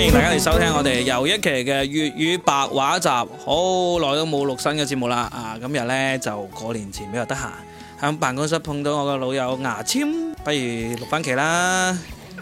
歡迎大家嚟收聽我哋又一期嘅粵語白話集，好耐都冇錄新嘅節目啦。啊，今日呢就過年前比較得閒，喺辦公室碰到我個老友牙籤，啊，不如錄翻期啦。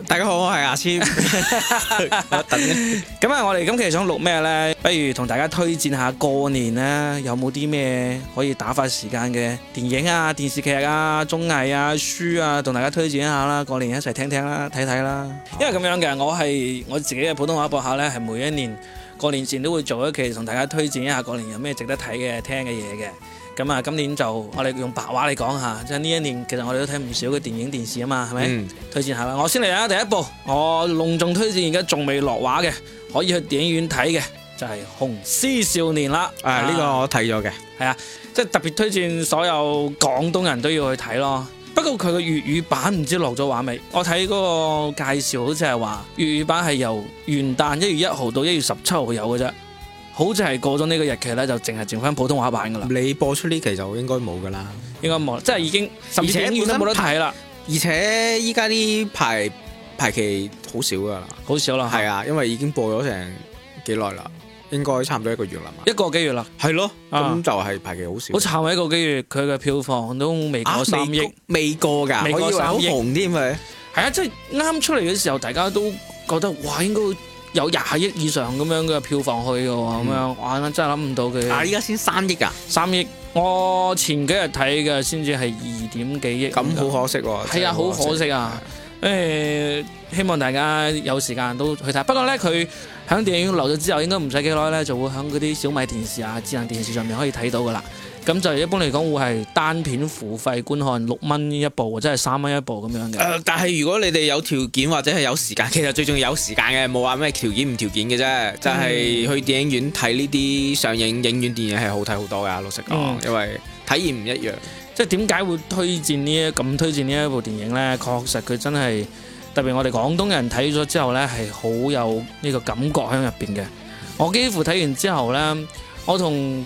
大家好，我係牙籤。咁啊，我哋今期想錄咩呢？不如同大家推薦下過年呢有冇啲咩可以打發時間嘅電影啊、電視劇啊、綜藝啊、書啊，同大家推薦下啦。過年一齊聽聽啦，睇睇啦。啊、因為咁樣嘅，我係我自己嘅普通話播客呢，係每一年過年前都會做一期，同大家推薦一下過年有咩值得睇嘅、聽嘅嘢嘅。咁啊，今年就我哋用白話嚟講下。即係呢一年，其實我哋都睇唔少嘅電影電視啊嘛，係咪？嗯、推薦下啦，我先嚟啦，第一部我隆重推薦而家仲未落畫嘅，可以去電影院睇嘅就係、是《雄獅少年》啦。誒、啊、呢、啊、個我睇咗嘅，係啊，即係特別推薦所有廣東人都要去睇咯。不過佢嘅粵語版唔知落咗畫未？我睇嗰個介紹，好似係話粵語版係由元旦一月一號到一月十七號有嘅啫。好似係過咗呢個日期咧，就淨係剩翻普通話版噶啦。你播出呢期就應該冇噶啦，應該冇，即係已經、嗯、而且已經冇得睇啦。而且依家啲排排期少好少噶啦，好少啦。係啊，因為已經播咗成幾耐啦，應該差唔多一個月啦，一個幾月啦。係咯的，咁、嗯、就係排期好少。好慘啊！一個幾月，佢嘅票房都未過三億，未過噶，未過三億，好紅添咪？係啊，即係啱出嚟嘅時候，大家都覺得哇，應該有廿億以上咁樣嘅票房去嘅，咁樣、嗯，我真係諗唔到佢。啊！依家先三億啊！三億，我前幾日睇嘅，先至係二點幾億。咁好可、嗯、可惜。係啊，好可惜啊！誒對，希望大家有時間都去睇。不過咧，佢響電影院留咗之後，應該唔使幾耐咧，就會響嗰啲小米電視啊、智能電視上面可以睇到噶啦。 咁就一般嚟講會係單片付費觀看，六蚊一部，或者係三蚊一部咁樣嘅、呃。但係如果你哋有條件或者係有時間，其實最重要有時間嘅，冇話咩條件唔條件嘅啫，嗯、就係去電影院睇呢啲上映影院電影係好睇好多噶，老實講，因為體驗唔一樣。嗯、即係點解會推薦呢？咁推薦呢一部電影呢？確實佢真係特別，我哋廣東人睇咗之後呢，係好有呢個感覺喺入邊嘅。我幾乎睇完之後呢，我同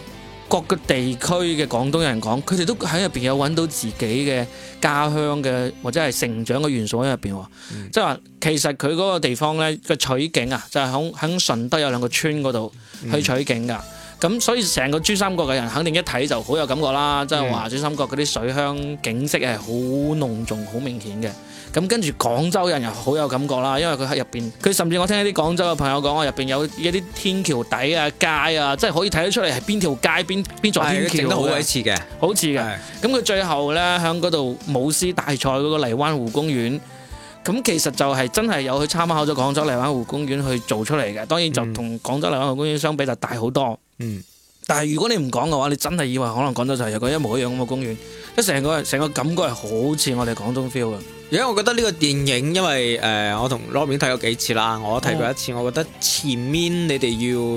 各個地區嘅廣東人講，佢哋都喺入邊有揾到自己嘅家鄉嘅，或者係成長嘅元素喺入邊。即係話，其實佢嗰個地方咧，個取景啊，就係響響順德有兩個村嗰度去取景㗎。咁、嗯、所以成個珠三角嘅人肯定一睇就好有感覺啦。即係話，珠三角嗰啲水鄉景色係好濃重、好明顯嘅。咁跟住，廣州人又好有感覺啦，因為佢喺入邊，佢甚至我聽一啲廣州嘅朋友講話，入邊有一啲天橋底啊、街啊，即係可以睇得出嚟係邊條街、邊邊座天橋。整得好鬼似嘅，好似嘅。咁佢最後咧，喺嗰度舞獅大賽嗰個荔灣湖公園，咁其實就係真係有去參考咗廣州荔灣湖公園去做出嚟嘅。當然就同廣州荔灣湖公園相比就大好多。嗯，但係如果你唔講嘅話，你真係以為可能廣州就係有個一模一樣咁嘅公園，即成個成個感覺係好似我哋廣東 feel 嘅。因為我覺得呢個電影，因為誒、呃，我同洛賓睇過幾次啦，我睇過一次，oh. 我覺得前面你哋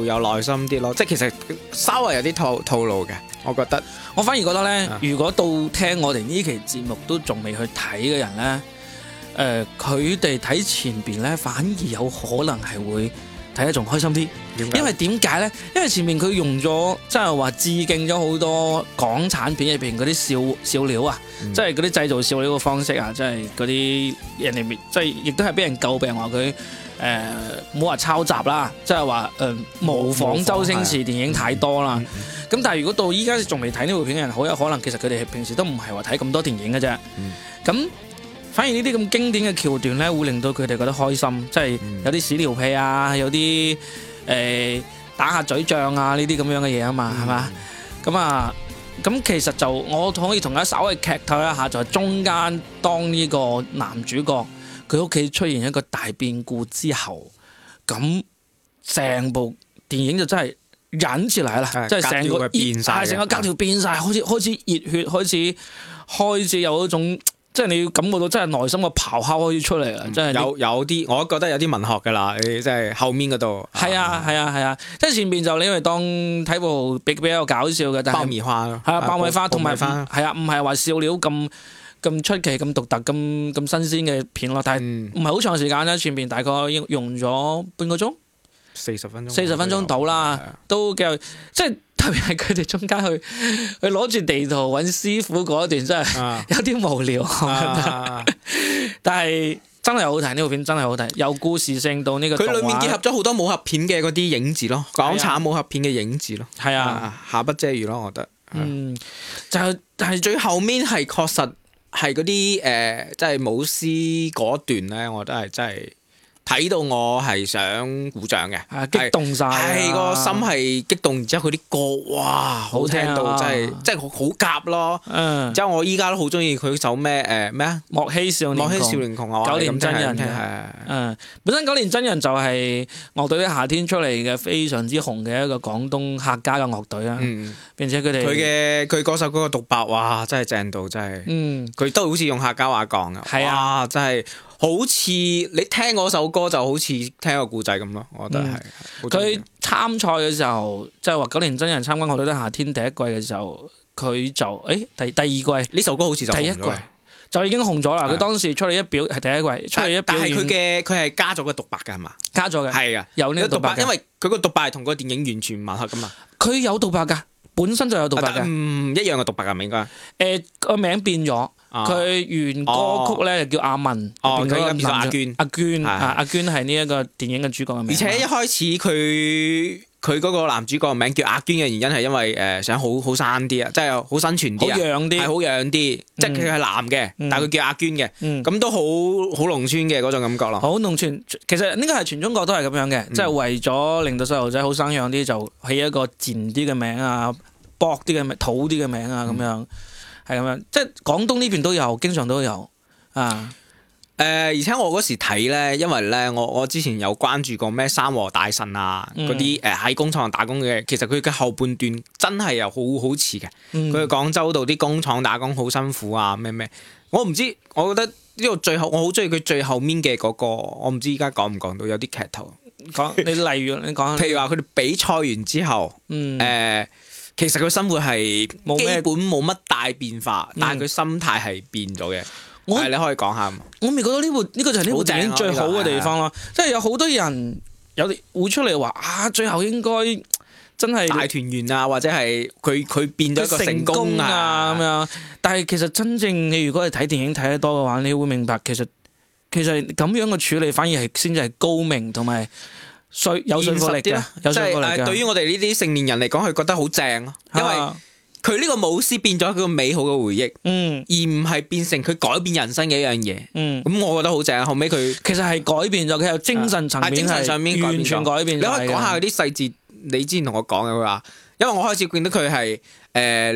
要有耐心啲咯，即係其實稍微有啲套套路嘅，我覺得，我反而覺得呢，uh. 如果到聽我哋呢期節目都仲未去睇嘅人呢，誒、呃，佢哋睇前邊呢，反而有可能係會。睇得仲開心啲，因為點解咧？因為前面佢用咗即係話致敬咗好多港產片入邊嗰啲笑笑料啊，嗯、即係嗰啲製造笑料嘅方式啊，即係嗰啲人哋即係亦都係俾人詬病話佢誒冇話抄襲啦，即係話誒模仿周星馳電影太多啦。咁、啊嗯、但係如果到依家仲未睇呢部片嘅人，好有可能其實佢哋平時都唔係話睇咁多電影嘅啫。咁、嗯嗯反而呢啲咁經典嘅橋段咧，會令到佢哋覺得開心，即係有啲屎尿屁啊，有啲誒、呃、打下嘴仗啊，呢啲咁樣嘅嘢啊嘛，係嘛？嗯。咁啊，咁其實就我可以同佢稍微劇透一下，就係、是、中間當呢個男主角，佢屋企出現一個大變故之後，咁成部電影就真係忍住嚟啦，即係成個變晒，成個格調變晒，對 開始開始熱血，開始開始，開始有一種。即係你要感覺到，真係內心個咆哮可以出嚟啦！真係、嗯、是有有啲，我覺得有啲文學嘅啦，即係後面嗰度。係啊，係啊，係啊！即係前面就你咪當睇部比比較搞笑嘅，但係爆米花咯，啊，爆米花同埋係啊，唔係話笑料咁咁出奇、咁獨特、咁咁新鮮嘅片咯。但係唔係好長時間啦，嗯、前面大概用咗半個鐘，四十分鐘，四十分鐘到啦，都幾即係。特別係佢哋中間去去攞住地圖揾師傅嗰一段真係有啲無聊，但係真係好睇呢部片，真係好睇，有故事性到呢個。佢裏面結合咗好多武俠片嘅嗰啲影子咯，港產武俠片嘅影子咯，係啊，啊啊瑕不掩瑜咯，我覺得。啊、嗯，就係最後面係確實係嗰啲誒，即係舞獅嗰段呢，我覺得係真係。睇到我係想鼓掌嘅，激動晒。係個心係激動，然之後佢啲歌，哇，好聽到真係，真係好夾咯。嗯，之後我依家都好中意佢首咩誒咩啊？莫欺少年，莫欺少年窮，九連真人，嗯，本身九連真人就係樂隊夏天出嚟嘅，非常之紅嘅一個廣東客家嘅樂隊啦。嗯，並且佢哋佢嘅佢歌手嗰個獨白，哇，真係正到真係。佢都好似用客家話講嘅。係啊，真係。好似你聽嗰首歌就好似聽個故仔咁咯，我覺得係佢參賽嘅時候，即係話九年真人參加我哋都夏天第一季嘅時候，佢就誒、欸、第第二季呢首歌好似就第一季就已經紅咗啦。佢當時出嚟一表係第一季出嚟一，但係佢嘅佢係加咗個獨白噶係嘛？加咗嘅係啊，有呢個獨白因為佢個獨白同個電影完全唔吻合噶嘛。佢有獨白噶。本身就有獨白嘅，嗯，一樣嘅獨白啊？唔應該？誒，個名變咗，佢、哦、原歌曲咧叫阿文，哦、變咗阿娟，阿娟的啊阿娟係呢一個電影嘅主角嘅名。而且一開始佢。佢嗰個男主角名叫阿娟嘅原因係因為誒、呃、想好好生啲啊，即係好生存啲，係好養啲，嗯、即係佢係男嘅，嗯、但係佢叫阿娟嘅，咁、嗯、都好好農村嘅嗰種感覺咯。好農村，其實應該係全中國都係咁樣嘅，即係、嗯、為咗令到細路仔好生養啲，就起一個賤啲嘅名啊，薄啲嘅土啲嘅名啊，咁、嗯、樣係咁樣，即係廣東呢邊都有，經常都有啊。誒、呃，而且我嗰時睇咧，因為咧，我我之前有關注過咩三和大神啊，嗰啲誒喺工廠打工嘅，其實佢嘅後半段真係又好好似嘅。佢喺廣州度啲工廠打工好辛苦啊，咩咩。我唔知，我覺得呢個最後我好中意佢最後面嘅嗰、嗰個，我唔知依家講唔講到，有啲劇透。講，你例如你講，譬如話佢哋比賽完之後，誒、嗯呃，其實佢生活係基本冇乜大變化，但係佢心態係變咗嘅。嗯 係你可以講下嘛，我未覺得呢部呢個就係呢部電影最好嘅地方咯，即係有好多人有會出嚟話啊，最後應該真係大團圓啊，或者係佢佢變咗一個成功啊咁樣。啊、的但係其實真正你如果係睇電影睇得多嘅話，你會明白其實其實咁樣嘅處理反而係先至係高明同埋有，有信服力嘅。即係對於我哋呢啲成年人嚟講，係覺得好正咯，的因為。佢呢個舞獅變咗佢個美好嘅回憶，嗯，而唔係變成佢改變人生嘅一樣嘢，嗯，咁我覺得好正。後尾，佢其實係改變咗佢嘅精神層面，精神上面完全改變咗。你可以講下嗰啲細節，你之前同我講嘅，佢話因為我開始見到佢係誒。呃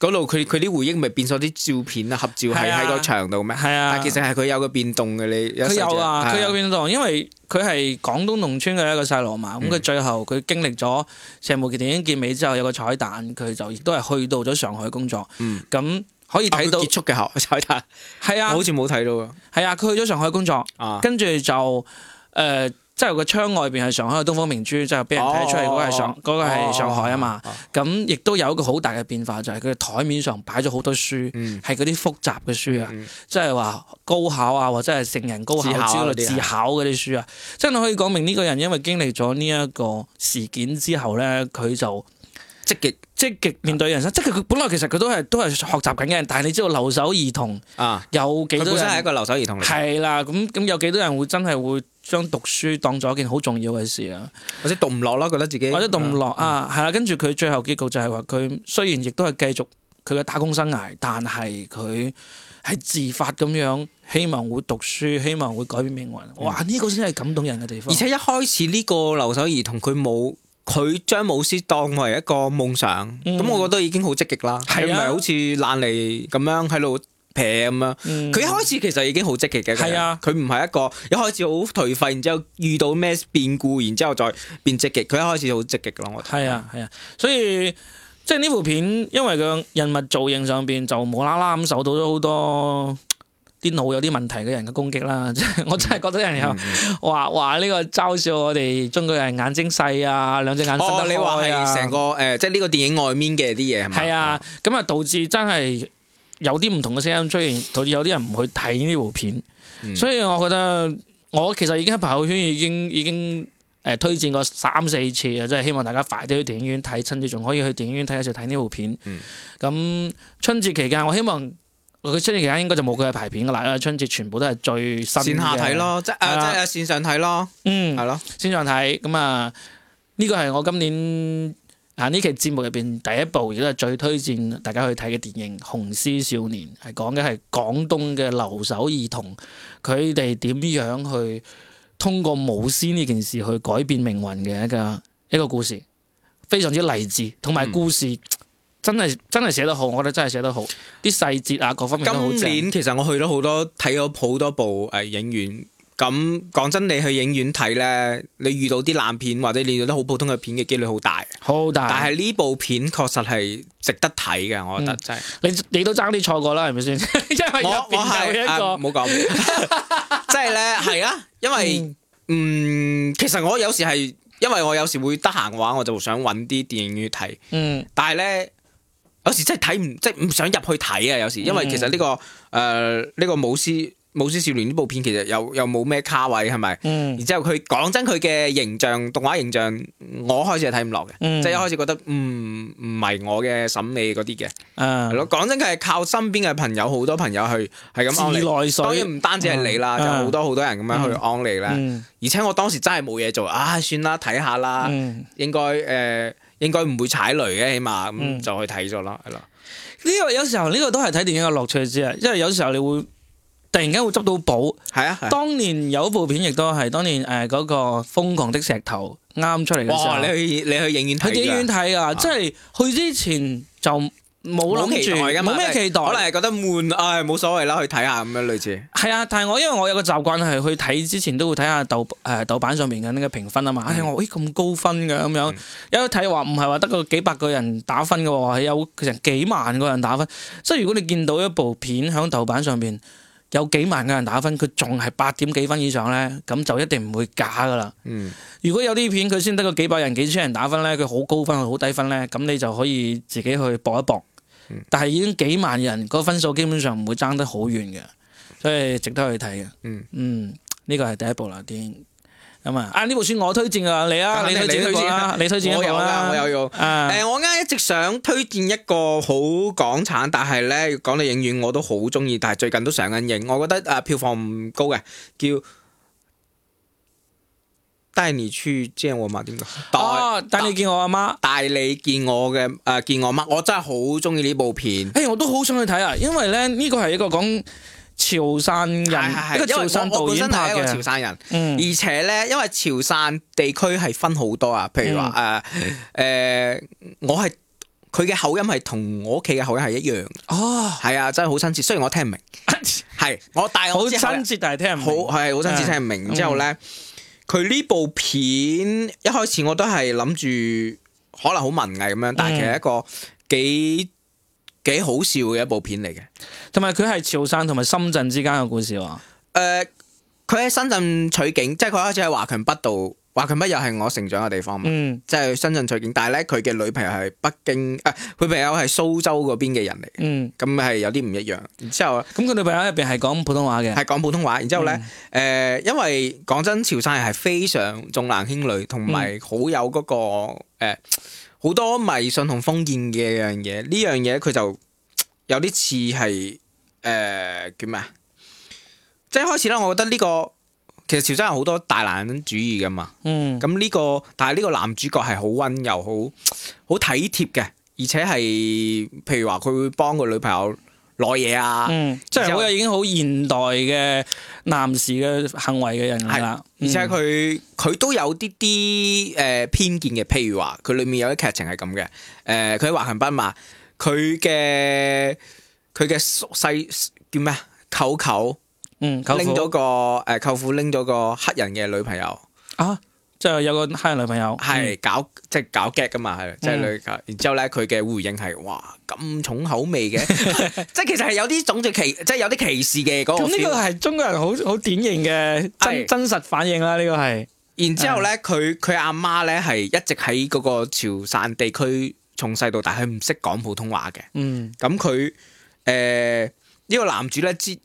嗰度佢佢啲回憶咪變咗啲照片啊，合照喺喺個牆度咩？係啊，其實係佢有個變動嘅，你有佢有啊，佢有變動，因為佢係廣東農村嘅一個細路嘛。咁佢、嗯、最後佢經歷咗成部電影結尾之後有個彩蛋，佢就亦都係去到咗上海工作。咁、嗯、可以睇到、啊、結束嘅後彩蛋。係啊，好似冇睇到噶。係啊，佢、啊、去咗上海工作，跟住就誒。呃即係個窗外邊係上海嘅東方明珠，即係俾人睇得出嚟嗰、oh. 個係上、嗰個係上海啊、oh. 嘛。咁亦都有一個好大嘅變化，就係佢台面上擺咗好多書，係嗰啲複雜嘅書啊，mm. 即係話高考啊，或者係成人高考、自考嗰啲書啊。真係可以講明呢、呢個人因為經歷咗呢一個事件之後咧，佢就積極積極面對人生。即係佢本來其實佢都係都係學習緊嘅，人。但係你知道留守兒童啊，有幾多？佢本身係一個留守兒童係啦。咁咁了有幾多人會真係會？將讀書當咗一件好重要嘅事啊，或者讀唔落咯，覺得自己或者讀唔落啊，係啦、啊，跟住佢最後結局就係話佢雖然亦都係繼續佢嘅打工生涯，但係佢係自發咁樣希望會讀書，希望會改變命運。哇，呢、嗯、個先係感動人嘅地方。而且一開始呢、這個留守兒童，佢冇佢將老師當為一個夢想，咁、嗯、我覺得已經積極是是好積極啦。係咪好似爛嚟咁樣喺度？平咁啦，佢、嗯嗯、一開始其實已經好積極嘅，係啊，佢唔係一個一開始好頹廢，然之後遇到咩變故，然之後再變積極，佢一開始好積極嘅，我係啊係啊，所以即係呢部片，em 因為佢人物造型上邊就無啦啦咁受到咗好多啲腦有啲問題嘅人嘅攻擊啦，即係我真係覺得人有人又話話呢個嘲笑我哋中國人眼睛細啊，兩隻眼細得、啊哦、你話係成個誒，即係呢個電影外面嘅啲嘢係咪？係啊，咁啊、嗯嗯、導致真係。有啲唔同嘅聲音出現，導致有啲人唔去睇呢部片，嗯、所以我覺得我其實已經喺朋友圈已經已經誒推薦過三四次啊！即係希望大家快啲去電影院睇，春節仲可以去電影院睇嘅時候睇呢部片。咁、嗯、春節期間，我希望佢春節期間應該就冇佢嘅排片噶啦，因為春節全部都係最新線下睇咯，了即係、啊、即係喺線上睇咯，嗯，係咯了，線上睇咁啊，呢、這個係我今年。呢期節目入邊第一部亦都係最推薦大家去睇嘅電影《雄獅少年》，係講嘅係廣東嘅留守兒童，佢哋點樣去通過舞獅呢件事去改變命運嘅一個一個故事，非常之勵志，同埋故事、嗯、真係真係寫得好，我覺得真係寫得好，啲細節啊各方面都好正。今年其實我去咗好多睇咗好多部誒影院。咁講真，你去影院睇咧，你遇到啲爛片或者你遇到啲好普通嘅片嘅幾率好大，好大。但係呢部片確實係值得睇嘅，我覺得、嗯、真係。你你都爭啲錯過啦，係咪先？ 因為裡我我係、呃、一個，好講、呃，即係咧，係啊 因為嗯，其實我有時係因為我有時會得閒嘅話，我就想搵啲電影院睇，嗯。但係咧，有時真係睇唔，即係唔想入去睇啊！有時，因為其實呢、這個誒，呢、呃這個舞獅。《雄獅少年》呢部片其實又又冇咩卡位係咪？然之後佢講真佢嘅形象動畫形象，我開始係睇唔落嘅，即係一開始覺得唔唔係我嘅審美嗰啲嘅，係咯。講真佢係靠身邊嘅朋友，好多朋友去係咁，當然唔單止係你啦，有好多好多人咁樣去安利啦。而且我當時真係冇嘢做啊，算啦，睇下啦，應該誒應該唔會踩雷嘅，起碼咁就去睇咗啦，係啦。呢個有時候呢個都係睇電影嘅樂趣之一，因為有時候你會。突然間會執到寶，係啊，係啊！當年有部片亦都係，當年誒嗰個瘋狂的石頭啱出嚟嘅時候，哇！你去你去影院，去影院睇噶，即係、啊、去之前就冇諗住，冇咩期、期待，可能係覺得悶，誒、哎、冇所謂啦，去睇下咁樣類似。係啊，但係我因為我有個習慣係去睇之前都會睇下豆誒、呃、豆瓣上面嘅呢個評分啊嘛，嗯、哎我，誒咁高分嘅咁樣，嗯、一睇話唔係話得個幾百個人打分嘅，有成幾萬個人打分，所以如果你見到一部片響豆瓣上邊。有幾萬嘅人打分，佢仲係八點幾分以上呢，咁就一定唔會假噶啦。嗯，如果有啲片佢先得個幾百人、幾千人打分呢，佢好高分好低分呢，咁你就可以自己去搏一搏。但係已經幾萬人個分數基本上唔會爭得好遠嘅，所以值得去睇嘅。嗯，呢個係第一步第一部啦，電影。咁啊！啊呢部書我推薦噶，你啊，你推，薦你推薦啊，推薦你推薦啊，我有噶，我有用。誒、嗯欸，我啱一直想推薦一個好港產，但係咧講到影院我都好中意，但係最近都上緊映，我覺得誒、呃、票房唔高嘅，叫《帶你去即係我媽點講》講。哦，帶你見我阿媽，帶你見我嘅誒、呃，見我媽，我真係好中意呢部片。誒、欸，我都好想去睇啊，因為咧呢個係一個講。潮汕人，佢因為我我本身係一個潮汕人，嗯、而且咧，因為潮汕地區係分好多啊，譬如話誒誒，我係佢嘅口音係同我屋企嘅口音係一樣，哦，係啊，真係好親切，雖然我聽唔明，係 我但係好親切，但係聽唔明，好係好親切，聽唔明。嗯、之後咧，佢呢部片一開始我都係諗住可能好文藝咁樣，但係其實一個幾。幾好笑嘅一部片嚟嘅，同埋佢係潮汕同埋深圳之間嘅故事喎、哦。誒、呃，佢喺深圳取景，即係佢開始喺華強北度，華強北又係我成長嘅地方嘛。嗯，即係深圳取景，但係咧佢嘅女朋友係北京，誒、呃，佢朋友係蘇州嗰邊嘅人嚟嘅。嗯，咁係有啲唔一樣。然之後，咁佢、嗯、女朋友入邊係講普通話嘅，係講普通話。然之後咧，誒、嗯呃，因為講真，潮汕人係非常重男輕女，同埋好有嗰、嗰個誒。呃呃好多迷信同封建嘅樣嘢，呢樣嘢佢就有啲似係誒叫咩啊？即係一開始咧，我覺得呢個其實潮州人好多大男人主義噶嘛。嗯。咁呢個但係呢個男主角係好溫柔、好好體貼嘅，而且係譬如話佢會幫個女朋友。攞嘢啊！即係好已經好現代嘅男士嘅行為嘅人啦，嗯、而且佢佢都有啲啲誒偏見嘅，譬如話佢裏面有啲劇情係咁嘅，誒佢橫行斑馬，佢嘅佢嘅叔叫咩啊？舅舅，嗯，拎咗婦個誒，舅父拎咗個黑人嘅女朋友啊！即係有個黑人女朋友，係是、嗯、搞即係搞 gag 噶嘛，係即係女，嗯、然之後咧佢嘅回應係哇咁重口味嘅， 即係其實係有啲種族歧，即係有啲歧視嘅嗰、那個。呢個係中國人好好典型嘅真、哎、真實反應啦，這個、呢個係。然之後咧，佢佢阿媽咧係一直喺嗰個潮汕地區，從細到大佢唔識講普通話嘅。嗯。咁佢誒呢個男主咧知誒、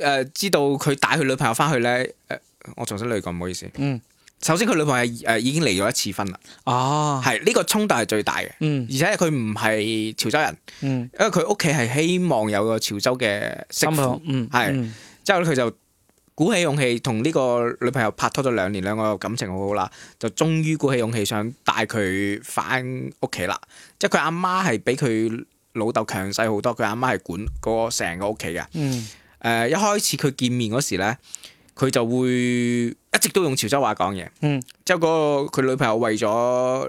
呃、知道佢帶佢女朋友翻去咧誒、呃，我重新嚟過唔好意思。嗯。首先佢女朋友誒已經離咗一次婚啦，哦，係呢、這個衝突係最大嘅，嗯，而且佢唔係潮州人，嗯，因為佢屋企係希望有個潮州嘅媳婦，嗯，係，之後咧佢就鼓起勇氣同呢個女朋友拍拖咗兩年，兩個感情好好啦，就終於鼓起勇氣想帶佢翻屋企啦，即係佢阿媽係比佢老豆強勢好多，佢阿媽係管個成個屋企嘅，嗯，誒、嗯、一開始佢見面嗰時咧。佢就會一直都用潮州話講嘢，嗯，之後個佢女朋友為咗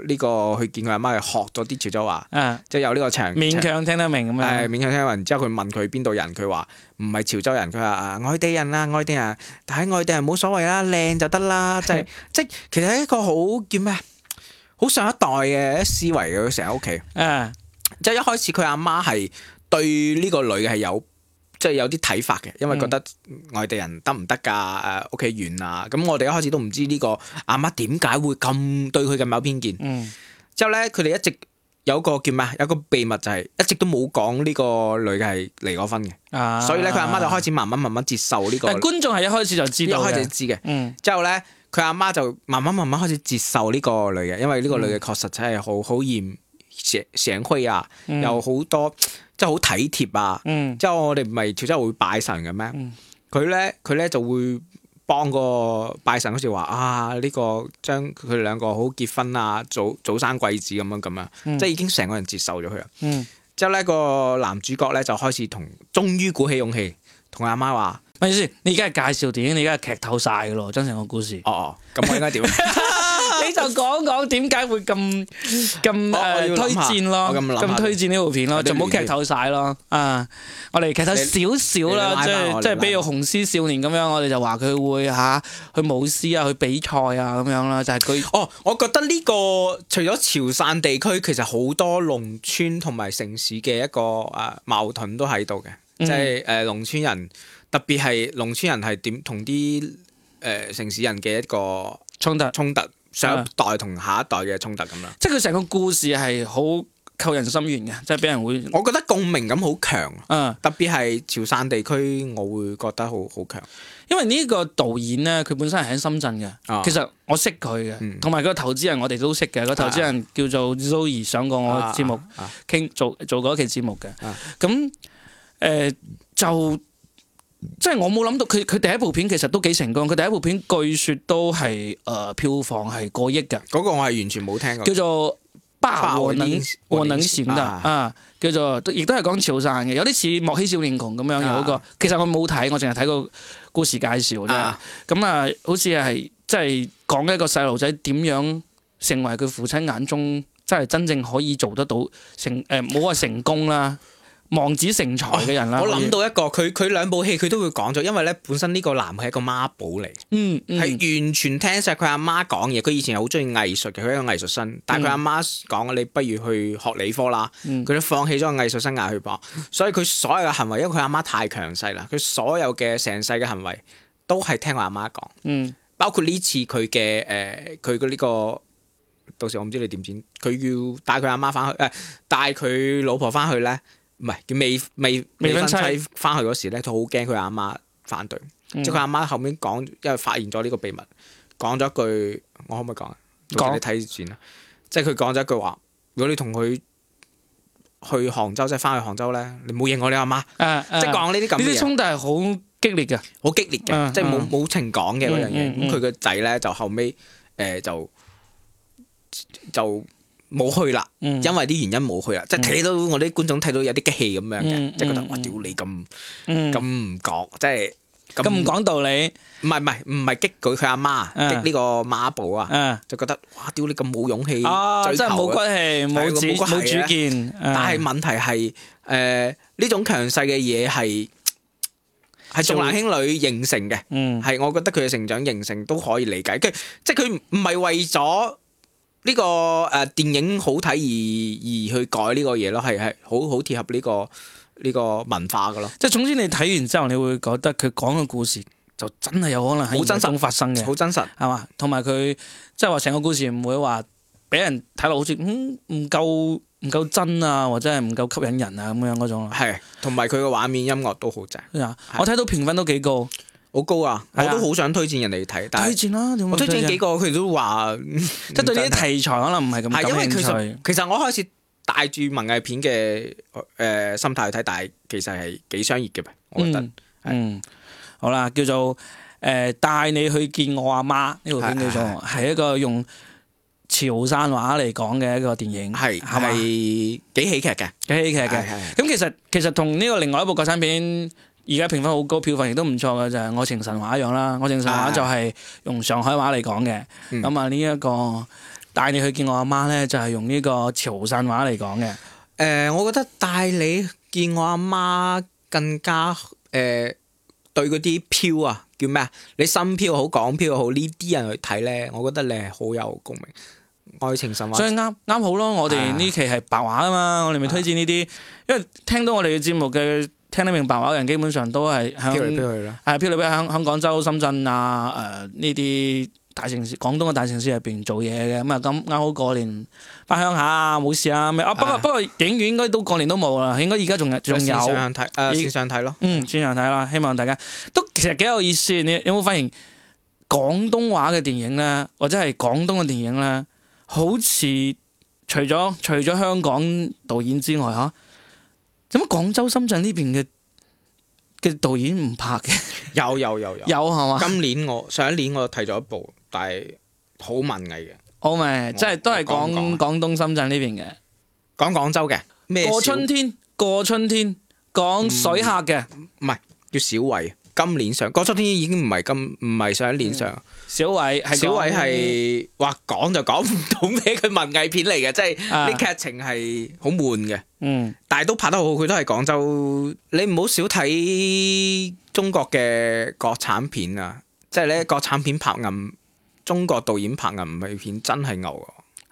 呢個去見佢阿媽，媽，去學咗啲潮州話，即係、啊、有呢個長，長勉強聽得明咁樣，長長勉強聽得明。之後佢問佢邊度人，佢話唔係潮州人，佢話啊外地人啦、啊，外地人，但係外地人冇所謂啦，靚就得啦，嗯、即係即係其實係一個好叫咩啊，好上一代嘅思維嘅佢成日喺屋企，啊、即係一開始佢阿媽係對呢個女嘅係有。即係有啲睇法嘅，因為覺得外地人得唔得㗎？誒，屋企遠啊！咁我哋一開始都唔知呢個阿媽點解會咁對佢咁有偏見。嗯。之後咧，佢哋一直有一個叫咩啊？有個秘密就係、是、一直都冇講呢個女嘅係離過婚嘅。啊、所以咧，佢阿媽就開始慢慢慢慢接受呢個女。啊、但係觀眾係一開始就知道，一開始知嘅。嗯。之後咧，佢阿媽就慢慢慢慢開始接受呢個女嘅，因為呢個女嘅確實真係好討厭。嗯嗯社社區啊，有好多、嗯、即係好體貼啊！之後、嗯、我哋唔係潮州會拜神嘅咩？佢咧佢咧就會幫個拜神好似話啊，呢、呢個將佢哋兩個好結婚啊，早早生貴子咁樣咁啊！即係已經成個人接受咗佢啦。嗯，之後咧、那個男主角咧就開始同，終於鼓起勇氣同阿媽話，唔好意思，你而家係介紹電影，你而家係劇透晒嘅咯，真成個故事。哦哦，咁我應該點？ 就講講點解會咁咁誒推薦咯，咁推薦呢部片咯，就唔好劇透晒咯。啊，我哋劇透少少啦，即係即係，比如《雄獅少年》咁樣，我哋就話佢會吓去舞獅啊，去比賽啊咁樣啦。就係、是、佢哦，我覺得呢、這個除咗潮汕地區，其實好多農村同埋城市嘅一個誒矛盾都喺度嘅，嗯、即係誒農村人，特別係農村人係點同啲誒城市人嘅一個衝突衝突。上一代同下一代嘅衝突咁啦，即係佢成個故事係好扣人心願嘅，即係俾人會，我覺得共鳴感好強。嗯、啊，特別係潮汕地區，我會覺得好好強。因為呢個導演咧，佢本身係喺深圳嘅，啊、其實我識佢嘅，同埋、嗯、個投資人我哋都識嘅，個投資人叫做 Zoe 上過我節目、啊，傾、啊啊、做做過一期節目嘅。咁誒、啊啊呃、就。 即係我冇諗到佢佢第一部片其實都幾成功，佢第一部片據說都係誒票房係過億嘅。嗰個我係完全冇聽過，叫做《霸王龍龍傳》啊，叫做亦都係講潮汕嘅，有啲似《莫欺少年窮》咁樣嘅嗰個。其實我冇睇，我淨係睇個故事介紹啫。咁啊、嗯嗯，好似係即係講一個細路仔點樣成為佢父親眼中真係真正可以做得到成誒，冇、呃、話成功啦。望子成才嘅人啦，我諗到一個，佢佢兩部戲佢都會講咗，因為咧本身呢個男係一個媽寶嚟。嗯，係完全聽晒佢阿媽講嘢。佢以前係好中意藝術嘅，佢一個藝術生，但係佢阿媽講，嗯、你不如去學理科啦。佢、嗯、都放棄咗藝術生涯去搏，所以佢所有嘅行為，因為佢阿媽太強勢啦，佢所有嘅成世嘅行為都係聽佢阿媽講。嗯、包括呢次佢嘅誒，佢嘅呢個，到時我唔知你點剪，佢要帶佢阿媽翻去誒，帶、呃、佢老婆翻去咧。唔係叫未未未婚妻翻去嗰時咧，佢好驚佢阿媽反對，嗯、即係佢阿媽後面講，因為發現咗呢個秘密，講咗一句，我可唔可以講？講你睇住先啦。說即係佢講咗一句話，如果你同佢去杭州，即係翻去杭州咧，你冇認我你阿媽，啊啊、即係講呢啲咁嘅啲衝突係好激烈嘅，好激烈嘅，嗯、即係冇冇情講嘅嗰樣嘢。咁佢個仔咧就後尾，誒就就。呃就就就就就就就就冇去啦，因為啲原因冇去啦，即係睇到我啲觀眾睇到有啲激氣咁樣嘅，即係覺得哇，屌你咁咁唔講，即係咁唔講道理，唔係唔係唔係激佢佢阿媽，激呢個媽寶啊。就覺得哇，屌你咁冇勇氣啊，真係冇骨氣，冇主冇主見，但係問題係誒呢種強勢嘅嘢係係重男輕女形成嘅，係我覺得佢嘅成長形成都可以理解，佢即係佢唔係為咗。呢、這個誒、呃、電影好睇而而去改呢個嘢咯，係係好好貼合呢、這個呢、這個文化嘅咯。即係總之你睇完之後你會覺得佢講嘅故事就真係有可能係好真實發生嘅，好真實係嘛？同埋佢即係話成個故事唔會話俾人睇落好似嗯唔夠唔夠真啊，或者係唔夠吸引人啊咁樣嗰種。係，同埋佢嘅畫面、音樂都好正。係、係。我睇到評分都幾高。好高啊！我都好想推薦人嚟睇但推薦啦，啊，推薦我推薦幾個佢都話，即係對呢啲題材可能唔係咁。係，因為其實其實我開始帶住文藝片嘅，誒、呃、心態去睇，但係其實係幾商業嘅，我覺得。嗯，嗯是好啦，叫做誒帶、呃、你去見我阿媽呢部片叫做係一個用潮汕話嚟講嘅一個電影，係，係幾喜劇嘅，幾喜劇嘅。咁、嗯嗯、其實其實，其實同呢個另外一部國產片，而家評分好高，票房亦都唔錯嘅，就係、是、愛情神話一樣啦。愛情、啊、情神話就係用上海話嚟講嘅。咁啊，呢一個帶你去見我阿媽咧，就係、是、用呢個潮汕話嚟講嘅。誒、呃，我覺得帶你見我阿媽更加誒、呃，對嗰啲漂啊，叫咩啊？你新漂好，港漂好，呢啲人去睇咧，我覺得你係好有共鳴。愛情神話。所以啱啱好咯，我哋呢期係白話啊嘛，啊我哋咪推薦呢啲，啊、因為聽到我哋嘅節目嘅。聽得明白話嘅人基本上都係響，係啊，飄嚟飄去響響廣州、深圳啊，誒呢啲大城市、廣東嘅大城市入邊做嘢嘅。咁啊，咁啱好過年翻鄉下啊，冇事啊。啊，唉不過不過影院應該都過年都冇啦，應該而家仲仲有。線上睇，誒、呃，線上睇咯。嗯，線上睇啦。希望大家都其實幾有意思。你有冇發現廣東話嘅電影咧，或者係廣東嘅電影咧，好似除咗除咗香港導演之外，吓？咁廣州、深圳呢邊嘅嘅導演唔拍嘅？有有有有， 有，有係嘛？今年我上一年我睇咗一部，但係好文藝嘅。好 h 吧我即係都係講廣東、深圳呢邊嘅，講廣州嘅咩？過春天，過春天，講水客嘅，唔係叫小偉。今年上，嗰出片已經唔係今唔係上一年上。小偉、嗯，小偉係話講就講唔到咩？佢文藝片嚟嘅，即係啲劇情係好悶嘅。嗯，但係都拍得好，佢都係廣州。你唔好少睇中國嘅國產片啊！即係咧，國產片拍銀，中國導演拍銀片真係牛啊！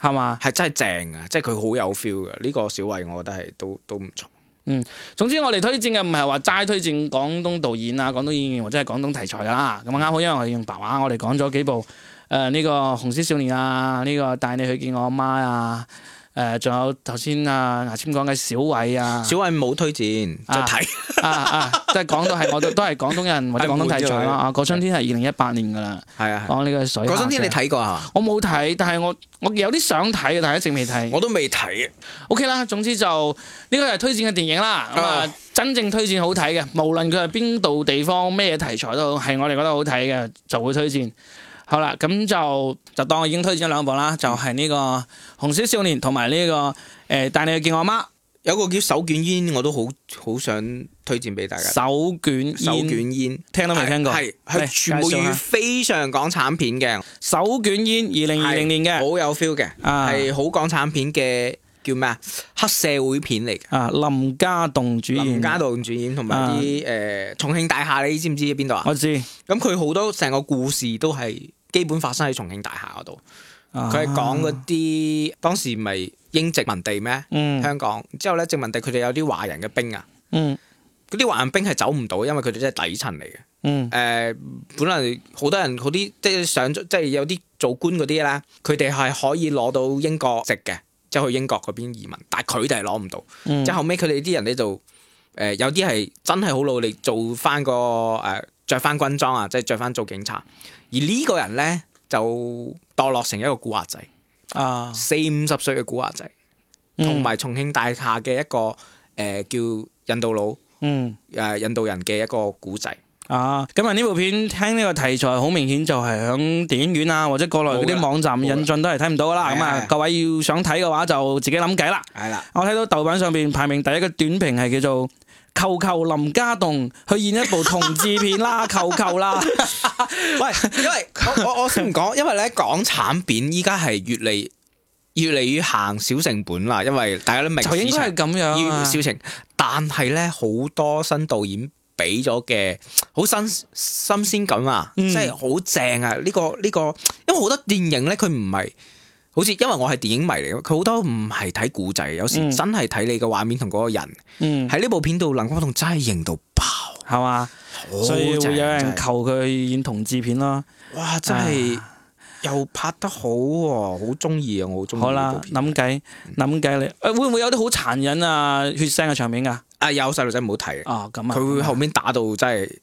係嘛？，係真係正啊，即係佢好有 feel 噶。呢、呢個小偉，我覺得係都都唔錯。嗯，總之我哋推薦嘅唔係話齋推薦廣東導演啊、廣東演員或者係廣東題材㗎啦，啊，咁啱好，因為我哋用白話，我哋講咗幾部，誒、呃、呢、這個《雄獅少年》啊，呢、這個《帶你去見我阿媽》啊。誒，仲有頭先啊牙籤、啊、講嘅小偉啊，小偉冇推薦，就睇啊啊、啊，即係講到係我都 都係廣東人或者廣東題材咯。張啊，《過春天》係二零一八年嘅啦，係啊，講呢個水。《過春天》你睇過啊？我冇睇，但係我我有啲想睇嘅，但係一直未睇。我都未睇。OK 啦，總之就呢、這個係推薦嘅電影啦。咁啊、嗯，真正推薦好睇嘅，無論佢係邊度地方咩題材都好，係我哋覺得好睇嘅，就會推薦。好啦，咁就就當我已經推薦咗兩部啦，就係、是、呢個紅色少年同埋呢個誒，帶、呃、你去見我阿媽。有個叫手捲煙，我都好好想推薦俾大家。手捲煙，手捲煙，聽都未聽過？係係全部非常港產片嘅，手捲煙，二零二零年嘅，好有 feel 嘅，係好、啊、港產片嘅。叫咩啊？黑社會片嚟嘅，啊林家棟主演，家棟主演，同埋啲誒重慶大廈，你知唔知喺邊度啊？呃、知知我知，咁佢好多成個故事都係基本發生喺重慶大廈嗰度，佢係講嗰啲當時唔係英殖民地咩？嗯、香港之後咧殖民地，佢哋有啲華人嘅兵啊，嗰啲華人兵係走唔到，因為佢哋真係底層嚟嘅，誒、嗯呃、本來好多人嗰啲即係上即係有啲做官嗰啲咧，佢哋係可以攞到英國籍嘅。即係去英國嗰邊移民，但係佢哋係攞唔到。嗯、即係後尾，佢哋啲人咧就誒有啲係真係好努力做翻個誒著翻軍裝啊，即係着翻做警察。而呢個人咧就墮落成一個古惑仔啊，四五十歲嘅古惑仔，同埋重慶大廈嘅一個誒、呃、叫印度佬，嗯、呃、印度人嘅一個古仔。啊，咁啊呢部片聽呢個題材好明顯就係響電影院啊或者國內嗰啲網站引進都係睇唔到噶啦，咁啊各位要想睇嘅話就自己諗計啦。係啦，我睇到豆瓣上邊排名第一個短評係叫做：求求林家棟去演一部同志片啦，求求啦。喂，因為我我先唔講，因為咧港產片依家係越嚟越嚟越行小成本啦，因為大家都明就應該係咁樣啊，情。但係咧好多新導演。俾咗嘅好新新鮮感啊，即係好正啊！呢、這個呢、這個，因為好多電影咧，佢唔係好似，因為我係電影迷嚟咯，佢好多唔係睇古仔，有時真係睇你嘅畫面同嗰個人。喺呢、嗯、部片度，林峰同真係型到爆，係嘛吧？正所以會有人求佢演同志片咯。哇，真係又拍得好、啊，好中意啊！我好中意呢部片。好啦，諗計諗計你，誒、嗯，會唔會有啲好殘忍啊、血腥嘅場面噶、啊？啊！有細路仔唔好睇哦，咁啊，佢會後面打到真係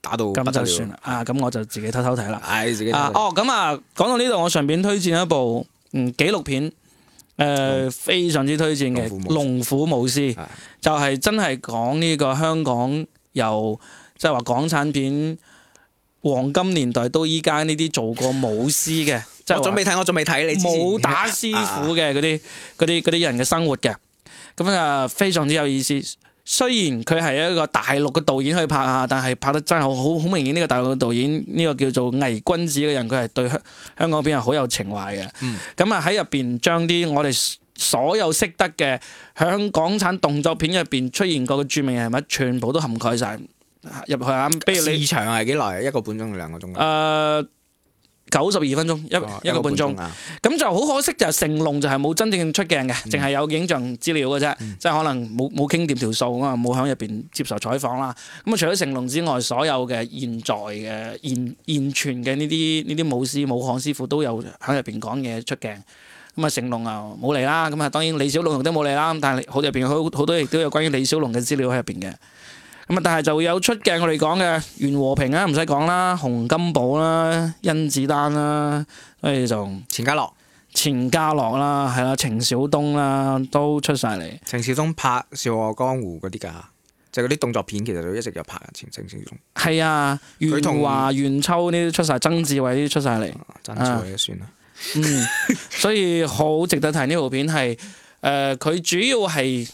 打到咁就算啦。啊，咁我就自己偷偷睇啦。唉，自己哦咁啊，講到呢度，我順便推薦一部嗯紀錄片誒，非常之推薦嘅《龍虎武師》，就係真係講呢個香港由即係話港產片黃金年代都依家呢啲做過武師嘅，就準備睇我仲未睇，你，武打師傅嘅嗰啲嗰啲啲人嘅生活嘅，咁啊非常之有意思。雖然佢係一個大陸嘅導演去拍啊，但係拍得真係好好明顯。呢個大陸嘅導演，呢、呢個叫做魏君子嘅人，佢係對香香港片係好有情懷嘅。嗯，咁啊喺入邊將啲我哋所有識得嘅響港產動作片入邊出現過嘅著名人物，全部都涵蓋晒入去啊。比如你時長係幾耐啊？一個半鐘定兩個鐘？呃九十二分鐘，一一個半鐘，咁就好可惜就成龍就係冇真正出鏡嘅，淨係、嗯、有影像資料嘅啫，嗯、即係可能冇冇傾掂條數啊，冇喺入邊接受採訪啦。咁、嗯、啊，除咗成龍之外，所有嘅現在嘅現現存嘅呢啲呢啲武師武行師傅都有喺入邊講嘢出鏡。咁啊，成龍啊冇嚟啦。咁啊，當然李小龍都冇嚟啦。咁但係好入邊好好多亦都有關於李小龍嘅資料喺入邊嘅。咁啊！但係就會有出鏡我哋講嘅袁和平啊，唔使講啦，洪金寶啦、啊，甄子丹啦、啊，跟住就錢嘉樂、錢嘉樂啦、啊，係啦、啊，程小東啦、啊，都出晒嚟。程小東拍《笑傲江湖》嗰啲㗎，就嗰、是、啲動作片，其實就一直有拍嘅。程小東，係啊，《元華》《元秋》呢啲出晒，曾志偉呢啲出晒嚟。曾志偉就算啦、啊。嗯， 所以好值得睇呢部片係，誒、呃，佢主要係。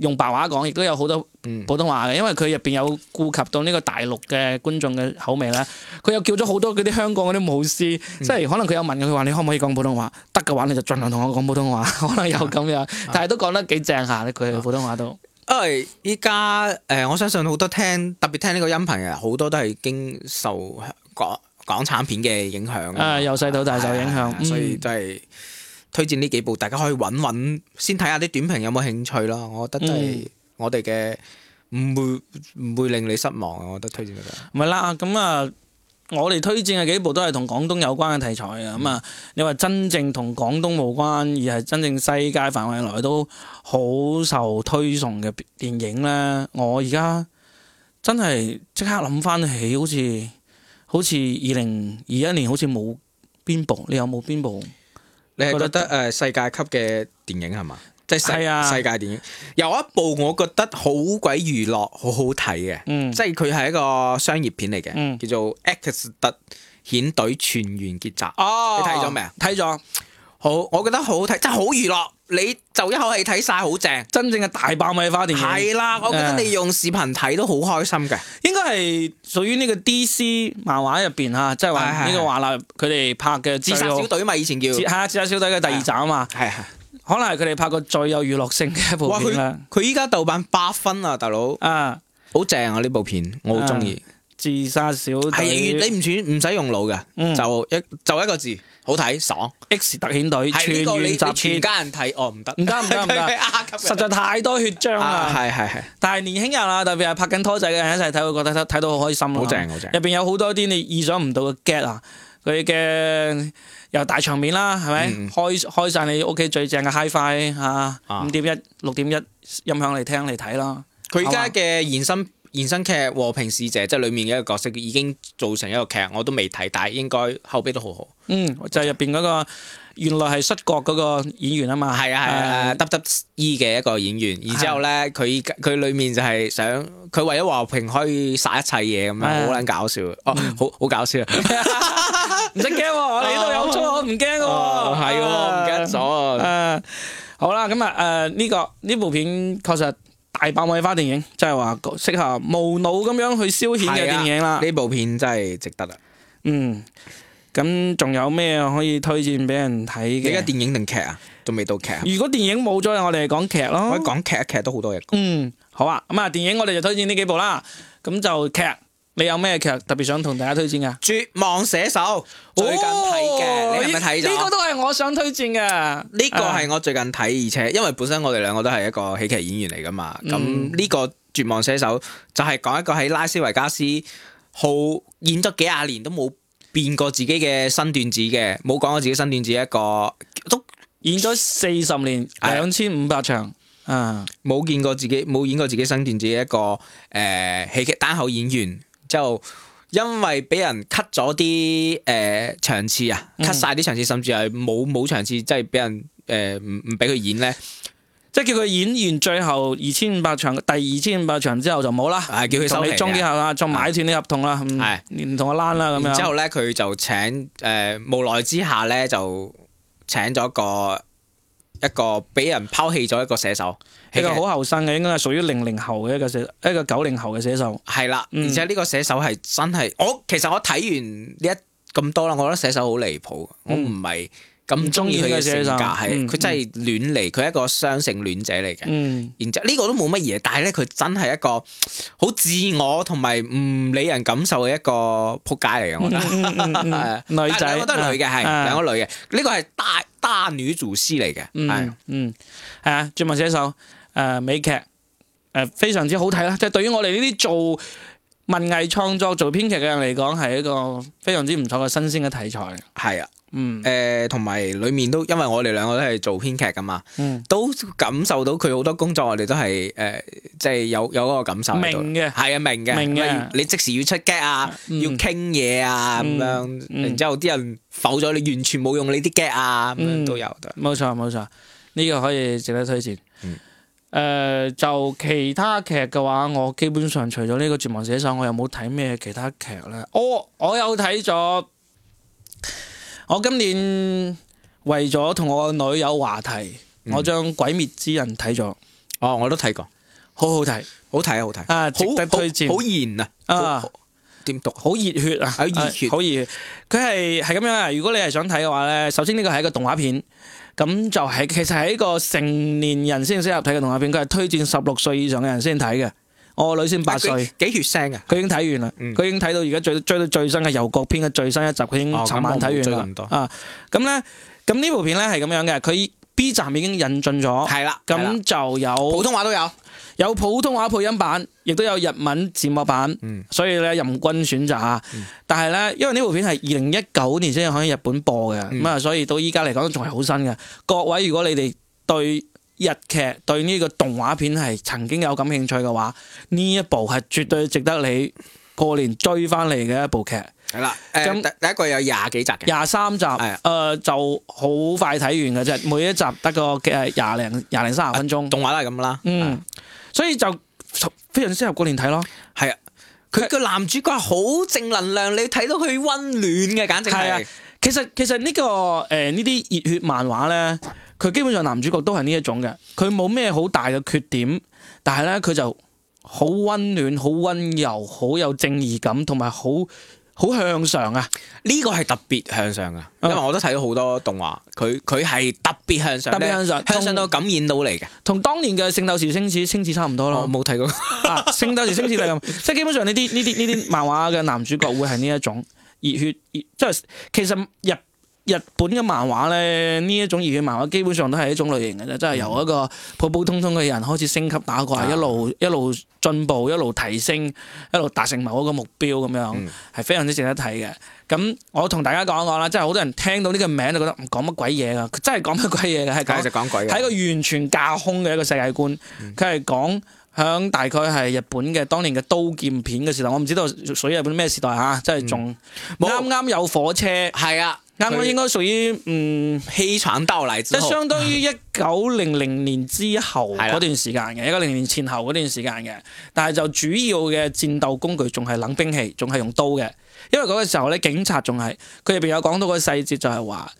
用白話講，亦都有好多普通話嘅，因為佢入邊有顧及到呢個大陸嘅觀眾嘅口味咧。佢又叫咗好多嗰啲香港嗰啲武師，嗯、即係可能佢有問佢話：你可唔可以講普通話？得嘅話你就儘量同我講普通話。可能有咁樣，嗯、但係都講得幾正下咧。佢、嗯、普通話都。誒，依家誒我相信好多聽特別聽呢個音頻嘅好多都係經受港港產片嘅影響。誒、啊，由細到大都影響，啊嗯、所以都係。推薦呢幾部大家可以揾揾，先睇下啲短評有冇興趣啦。我覺得都係我哋嘅唔會唔會令你失望啊！我覺得推薦佢哋。唔係啦，咁啊，我哋推薦嘅幾部都係同廣東有關嘅題材啊。咁啊，你話真正同廣東無關而係真正世界範圍內都好受推崇嘅電影呢？我而家真係即刻諗返起，好似好似二零二一年好似冇邊部？你有冇邊部？你係覺得誒、呃、世界級嘅電影係嘛？即係世，係、啊、世界電影有一部我覺得好鬼娛樂，好好睇嘅，嗯、即係佢係一個商業片嚟嘅，嗯、叫做《X 特遣隊全員結集》。哦、你睇咗未啊？睇咗。好，我覺得好好睇，真係好娛樂。你就一口氣睇晒，好正。真正嘅大爆米花電影。係啦，我覺得你用視頻睇都好開心嘅。應該係屬於呢個 D.C. 漫畫入邊吓，即係話呢個話啦，佢哋拍嘅自殺小隊嘛，以前叫。自殺小隊嘅第二集啊嘛。係可能係佢哋拍過最有娛樂性嘅一部片。佢依家豆瓣八分啊，大佬。啊，好正啊！呢部片我好中意。自殺小隊。你唔使唔使用腦嘅，就一就一個字。好睇爽！X 特遣隊，係呢個你，全你全家人睇哦，唔得，唔得，唔得，唔 實在太多血漿啦，係係係，但係年輕人啦，特別係拍緊拖仔嘅人一齊睇，會覺得睇睇到好開心咯，好正好正，入邊有好多啲你意想唔到嘅 get 啊，佢嘅又大場面啦，係咪、嗯？開開晒你屋企最正嘅 HiFi 吓、啊，五點一、六點一音響嚟聽嚟睇啦，佢而家嘅延伸。衍生劇《和平使者》即係裡面嘅一個角色已經做成一個劇，我都未睇，但係應該後備都好好。嗯，就係入邊嗰個原來係摔角嗰個演員啊嘛，係啊係啊，得得衣嘅一個演員，然之後咧佢佢裡面就係想佢為咗和平可以殺一切嘢咁樣，好撚搞笑哦，好好搞笑啊！唔使驚，我呢度有裝，唔驚㗎。係喎，唔驚咗啊！好啦，咁啊誒呢個呢部片確實。係爆米花電影，即係話適合無腦咁樣去消遣嘅電影啦。呢、啊、部片真係值得啊！嗯，咁仲有咩可以推薦俾人睇嘅？依家電影定劇啊？仲未到劇。如果電影冇咗，我哋講劇咯。我講劇，劇都好多嘢講。嗯，好啊。咁啊，電影我哋就推薦呢幾部啦。咁就劇。你有咩劇特別想同大家推薦㗎？絕望寫手，最近睇嘅，哦、你係咪睇咗？呢個都係我想推薦嘅。呢個係我最近睇，而且因為本身我哋兩個都係一個喜劇演員嚟㗎嘛。咁呢、嗯、個絕望寫手就係講一個喺拉斯維加斯好，演咗幾廿年都冇變過自己嘅新段子嘅，冇講過自己新段子一個，都演咗四十年，兩千五百場，嗯，冇見過自己冇演過自己新段子嘅一個誒、呃、喜劇單口演員。就因為俾人 cut 咗啲誒場次啊，cut 晒啲場次，甚至係冇冇場次，即係俾人誒唔唔俾佢演咧，即係叫佢演完最後二千五百場，第二千五百場之後就冇啦、啊，叫佢手尾終止合同啦，就買斷啲合同啦，唔同我攣啦咁樣呢。之後咧佢就請誒、呃，無奈之下咧就請咗個。一個俾人拋棄咗一個寫手，一個好後生嘅，應該係屬於零零後嘅一個寫一個九零後嘅寫手，係啦了，嗯，而且呢個寫手係真係我，其實我睇完呢一咁多啦，我覺得寫手好離譜，我唔係。嗯咁中意佢嘅性格係，佢真係亂嚟，佢係一個雙性戀者嚟嘅。然之後呢個都冇乜嘢，但係咧佢真係一個好自我同埋唔理人感受嘅一個仆街嚟嘅。我覺得係女仔，都係女嘅，係兩個女嘅。呢個係大大女廚師嚟嘅。係，嗯，係啊，著名寫手，誒，美劇，誒，非常之好睇啦。即係對於我哋呢啲做文藝創作、做編劇嘅人嚟講，係一個非常之唔錯嘅新鮮嘅題材。係啊。嗯，誒，同埋裏面都，因為我哋兩個都係做編劇噶嘛，都感受到佢好多工作，我哋都係誒，即係有有嗰個感受喺度，係啊，明嘅，明嘅，你即時要出 gag 啊，要傾嘢啊，咁樣，然之後啲人否咗你，完全冇用你啲 gag 啊，咁樣都有，冇錯冇錯，呢個可以值得推薦。誒，就其他劇嘅話，我基本上除咗呢個絕望寫手，我又冇睇咩其他劇咧。哦，我有睇咗。我今年為咗同我女友話題，嗯、我將《鬼滅之刃》睇咗。哦，我都睇過，好好睇，好睇啊，好睇啊，值得推薦，好燃啊，啊，點讀，好熱血啊，好熱血，好熱血。佢係係咁樣啊，如果你係想睇嘅話咧，首先呢個係一個動畫片，咁就係其實係一個成年人先適合睇嘅動畫片，佢係推薦十六歲以上嘅人先睇嘅。我、哦、女先八歲，幾血腥嘅、啊，佢已經睇完啦，佢、嗯、已經睇到而家最追到最新嘅《遊國篇》嘅最新一集，佢已經尋晚睇完啦。咁咧、哦，咁、嗯、呢部片咧係咁樣嘅，佢 B 站已經引進咗，係啦了，咁就有普通話都有，有普通話配音版，亦都有日文字幕版，嗯、所以咧任君選擇。嗯、但係咧，因為呢部片係二零一九年先至可喺日本播嘅，咁啊，所以到依家嚟講仲係好新嘅。各位，如果你哋對日劇對呢個動畫片係曾經有感興趣嘅話，呢一部係絕對值得你過年追翻嚟嘅一部劇。係啦，咁、呃、那第一個有廿幾集嘅，廿三集，誒的、呃、就好快睇完嘅啫，每一集得個誒廿零廿零三十分鐘。啊、動畫都係咁啦。嗯，的所以就非常適合過年睇咯。係啊，佢個男主角好正能量，你睇到佢溫暖嘅，簡直係。的其實其實呢個誒呢啲熱血漫畫咧，佢基本上男主角都係呢一種嘅，佢冇咩好大嘅缺點，但係咧佢就好溫暖、好溫柔、好有正義感，同埋好好向上啊！呢個係特別向上㗎，因為我都睇咗好多動畫，佢佢係特別向，向上，特別向上，向上到感染到嚟嘅，同當年嘅聖鬥士星矢、星矢差唔多咯。我冇睇過聖鬥士星矢咁，即係 基本上呢啲呢啲呢啲漫畫嘅男主角會係呢一種。 熱血熱，即係其實日日本嘅漫畫咧，呢一種熱血漫畫基本上都係一種類型嘅啫，即係、嗯、由一個普普通通嘅人開始升級打怪、啊，一路一路進步，一路提升，一路達成某一個目標咁樣，係、嗯、非常之值得睇嘅。咁我同大家講講啦，即係好多人聽到呢個名就覺得講乜鬼嘢噶，佢真係講乜鬼嘢嘅，係講鬼嘅係一個完全架空嘅一個世界觀，佢係講。響大概係日本嘅當年嘅刀劍片嘅時代，我唔知道屬於日本咩時代吓，即係仲啱啱有火車係啊，啱啱的應該屬於嗯氣喘他到來，即相當於一九零零年之後嗰段時間嘅的一九零零年前後嗰段時間嘅，但係就主要嘅戰鬥工具仲係冷兵器，仲係用刀嘅，因為嗰個時候咧警察仲係佢入邊有講到個細節就係話。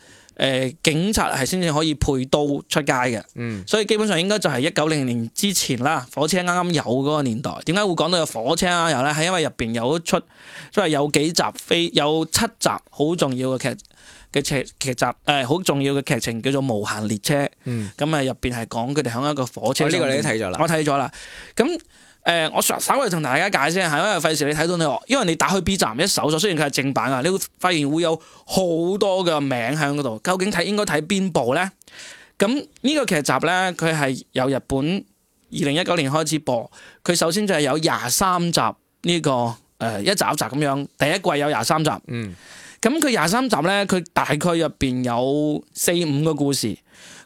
誒，警察係先至可以配刀出街嘅，嗯、所以基本上應該就係一九零零年之前啦。火車啱啱有嗰個年代，點解會講到有火車啊？然後咧，係因為入邊有一出，即係有幾集飛，有七集好重要嘅劇嘅劇劇集，誒、呃、好重要嘅劇情叫做《無限列車》。咁啊、嗯，入邊係講佢哋響一個火車。呢個你都睇咗啦，我睇咗啦。咁。誒、欸，我稍稍微同大家解釋，係因為費事你睇到你，因為你打開 B 站一搜索，雖然佢係正版啊，你會發現會有好多嘅名喺嗰度。究竟睇應該睇邊部呢？咁呢個劇集呢，佢係由日本二零一九年開始播。佢首先就係有廿三集呢、呢個誒、呃、一集一集咁樣，第一季有廿三集。嗯。咁佢廿三集呢，佢大概入邊有四五個故事。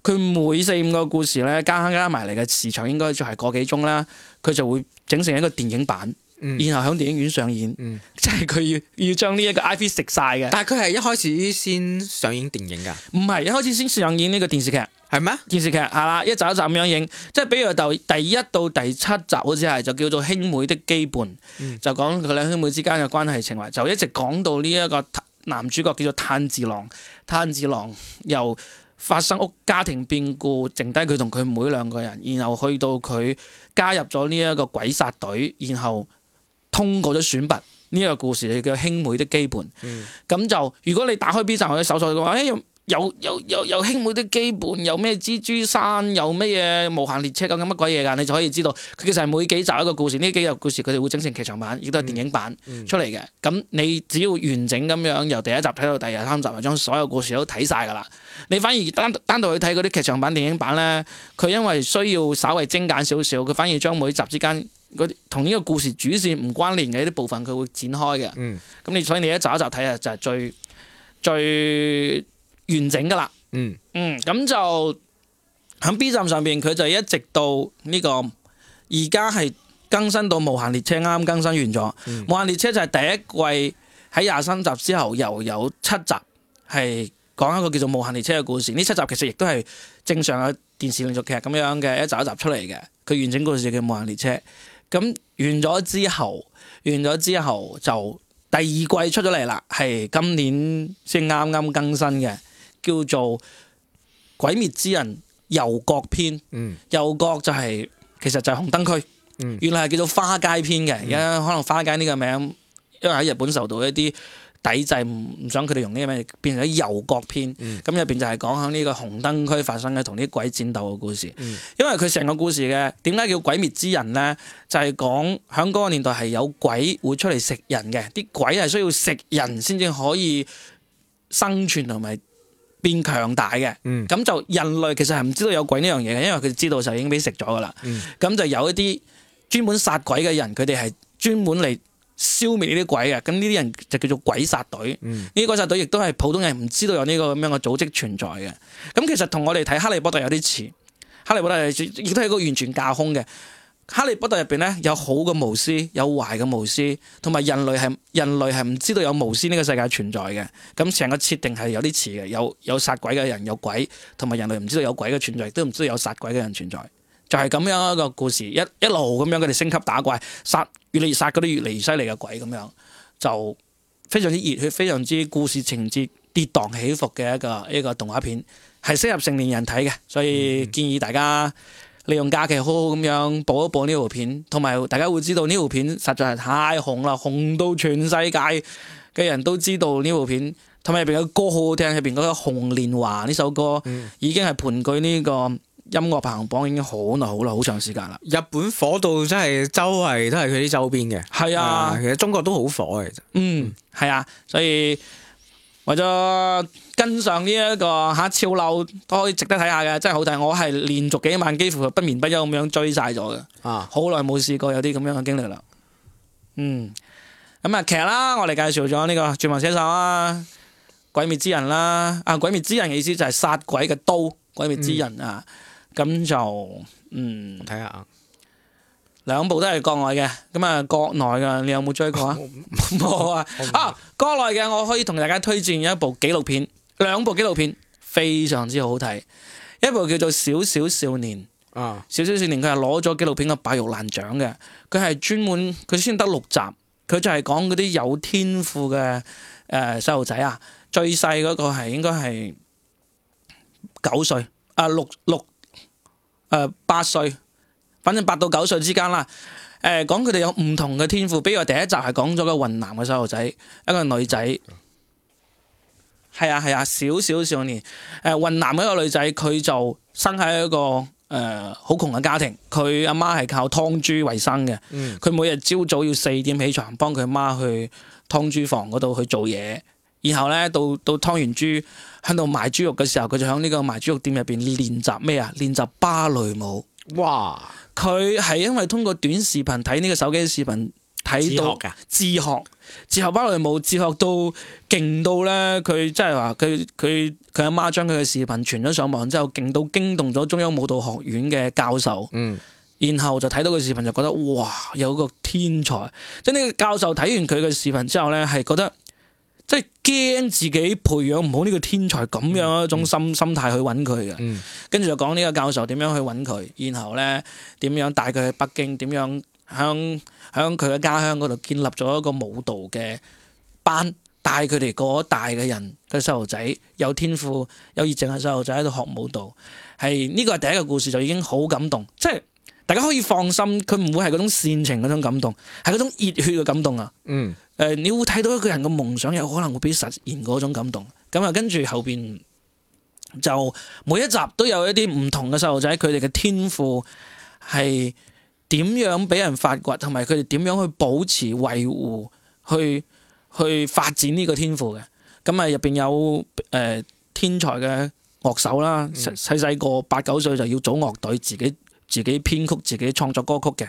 佢每四五個故事咧，加加埋嚟，嘅時長應該就係個幾鐘啦。佢就會整成一個電影版，嗯、然後喺電影院上演。即係佢要要將呢一個 IP 食晒嘅。但係佢係一開始先上映電影噶？唔係，一開始先上映呢個電視劇係咩？嗎電視劇係啦，一集一集咁樣影。即係比如就第一到第七集好似係就叫做兄妹的羈絆，嗯、就講佢兩兄妹之間嘅關係情懷，就一直講到呢一個男主角叫做炭治郎，炭治郎又……發生屋家庭變故，剩低佢同佢妹兩個人，然後去到佢加入咗呢一個鬼殺隊，然後通過咗選拔呢一，這個故事，你叫兄妹的基本。咁、嗯、就如果你打開 B 站或者搜索嘅話，誒、哎有有有有兄妹的羈絆，有咩蜘蛛山，有咩嘢無限列車咁嘅乜鬼嘢噶？你就可以知道佢其實係每幾集一個故事，呢幾集故事佢哋會整成劇場版，亦都係電影版、嗯嗯、出嚟嘅。咁你只要完整咁樣由第一集睇到第二、三集，就將所有故事都睇晒噶啦。你反而單單獨去睇嗰啲劇場版、電影版呢，佢因為需要稍為精簡少少，佢反而將每集之間同呢個故事主線唔關聯嘅啲部分，佢會展開嘅。咁、嗯、你所以你一集一集睇啊，就係、是、最最。最最最最完整噶啦，嗯嗯，咁、嗯、就喺 B 站上邊，佢就一直到呢、這個而家係更新到無限列車，啱啱更新完咗、嗯。無限列車就係、是、第一季喺廿三集之後，又有七集係講一個叫做無限列車嘅故事。呢七集其實亦都係正常嘅電視連續劇咁樣嘅一集一集出嚟嘅。佢完整故事叫無限列車。咁完咗之後，完咗之後就第二季出咗嚟啦，係今年先啱啱更新嘅。叫做《鬼滅之刃》遊郭篇，遊郭、嗯、就係、是，其實就係紅燈區，嗯、原來係叫做花街篇嘅。而家、嗯、可能花街呢個名，因為喺日本受到一啲抵制，唔唔想佢哋用呢個名，變成咗遊郭篇。咁入邊就係講響呢個紅燈區發生嘅同啲鬼戰鬥嘅故事。嗯、因為佢成個故事嘅點解叫《鬼滅之刃》咧，就係講響嗰個年代係有鬼會出嚟食人嘅，啲鬼係需要食人先至可以生存同埋。變強大嘅，咁就、嗯、人類其實係唔知道有鬼呢樣嘢嘅，因為佢知道就已經俾食咗噶啦。咁、嗯、就有一啲專門殺鬼嘅人，佢哋係專門嚟消滅呢啲鬼嘅。咁呢啲人就叫做鬼殺隊。呢啲、嗯、鬼殺隊亦都係普通人唔知道有呢個咁樣嘅組織存在嘅。咁其實同我哋睇哈利波特有啲似，哈利波特亦都係一個完全架空嘅。哈利波特入邊咧有好嘅巫師，有壞嘅巫師，同埋人類係人類係唔知道有巫師呢個世界存在嘅。咁成個設定係有啲似嘅，有有殺鬼嘅人，有鬼，同埋人類唔知道有鬼嘅存在，亦都唔知道有殺鬼嘅人存在。就係咁樣一個故事，一一路咁樣佢哋升級打怪，殺越嚟越殺嗰啲越嚟越犀利嘅鬼咁樣，就非常之熱血，非常之故事情節跌宕起伏嘅一個一個動畫片，係適合成年人睇嘅，所以建議大家。嗯利用假期好好咁樣播一播呢部片，同埋大家會知道呢部片實在係太紅啦，紅到全世界嘅人都知道呢部片，同埋入邊嘅歌好好聽，入邊嗰個《紅年華》呢首歌，嗯，已經係盤踞呢個音樂排行榜已經好耐好耐好長時間啦。日本火到真係周圍都係佢啲周邊嘅，係啊，呃，其實中國都好火嘅，其嗯係、嗯、啊，所以為咗。跟上呢、這、一個吓潮流都可以值得睇下嘅，真係好睇！我係連續幾晚幾乎不眠不休咁樣追晒咗嘅。啊，好耐冇試過有啲咁樣嘅經歷啦。嗯，咁看啊劇啦，我哋介紹咗呢個《絕望寫手》啊，《鬼滅之刃》啦，啊，《鬼滅之刃》嘅意思就係殺鬼嘅刀，《鬼滅之刃》啊，咁就嗯睇下，啊。兩部都係國外嘅，咁啊國內嘅你有冇追過啊？冇 啊，啊，啊國內嘅我可以同大家推薦一部紀錄片。兩部紀錄片非常之好睇，一部叫做《小小少年》，啊，《小小少年》佢係攞咗紀錄片嘅白玉蘭獎嘅，佢係專門佢先得六集，佢就係講嗰啲有天賦嘅誒細路仔啊，最細嗰個係應該係九歲啊、呃、六六誒、呃、八歲，反正八到九歲之間啦，誒講佢哋有唔同嘅天賦，比如話第一集係講咗個雲南嘅細路仔，一個女仔。係啊，係啊，小小少年，誒、呃、雲南嗰個女仔，佢就生喺一個誒好、呃、窮嘅家庭，佢阿媽係靠劏豬為生嘅，佢、嗯、每日朝早要四點起床，幫佢媽去劏豬房嗰度去做嘢，然後呢，到到劏完豬喺度賣豬肉嘅時候，佢就喺呢個賣豬肉店入邊練習咩啊？練習芭蕾舞。哇！佢係因為通過短視頻睇呢個手機視頻。睇到自，自學，自學芭蕾舞，自學芭自學到勁到咧，佢即係話佢佢佢阿媽將佢嘅視頻傳咗上網之後，勁到驚動咗中央舞蹈學院嘅教授。嗯，然後就睇到佢視頻就覺得哇，有個天才。即係呢個教授睇完佢嘅視頻之後咧，係覺得即係驚自己培養唔好呢個天才，咁樣一種心、嗯嗯、心態去揾佢嘅。跟住、嗯、就講呢個教授點樣去揾佢，然後咧點樣帶佢去北京，點樣？向向佢嘅家鄉嗰度建立咗一個舞蹈嘅班，帶佢哋嗰代嘅人嘅細路仔有天賦、有熱情嘅細路仔喺度學舞蹈，係呢個係第一個故事就已經好感動，即係大家可以放心，佢唔會係嗰種煽情嗰種感動，係嗰種熱血嘅感動啊！嗯，誒、呃，你會睇到一個人嘅夢想有可能會俾實現嗰種感動，咁啊，跟住後邊就每一集都有一啲唔同嘅細路仔，佢哋嘅天賦係。點樣俾人發掘，同埋佢哋點樣去保持維護，去去發展呢個天賦嘅，咁啊，入邊有誒、呃、天才嘅樂手啦，細細個八九歲就要組樂隊，自己自己編曲、自己創作歌曲嘅。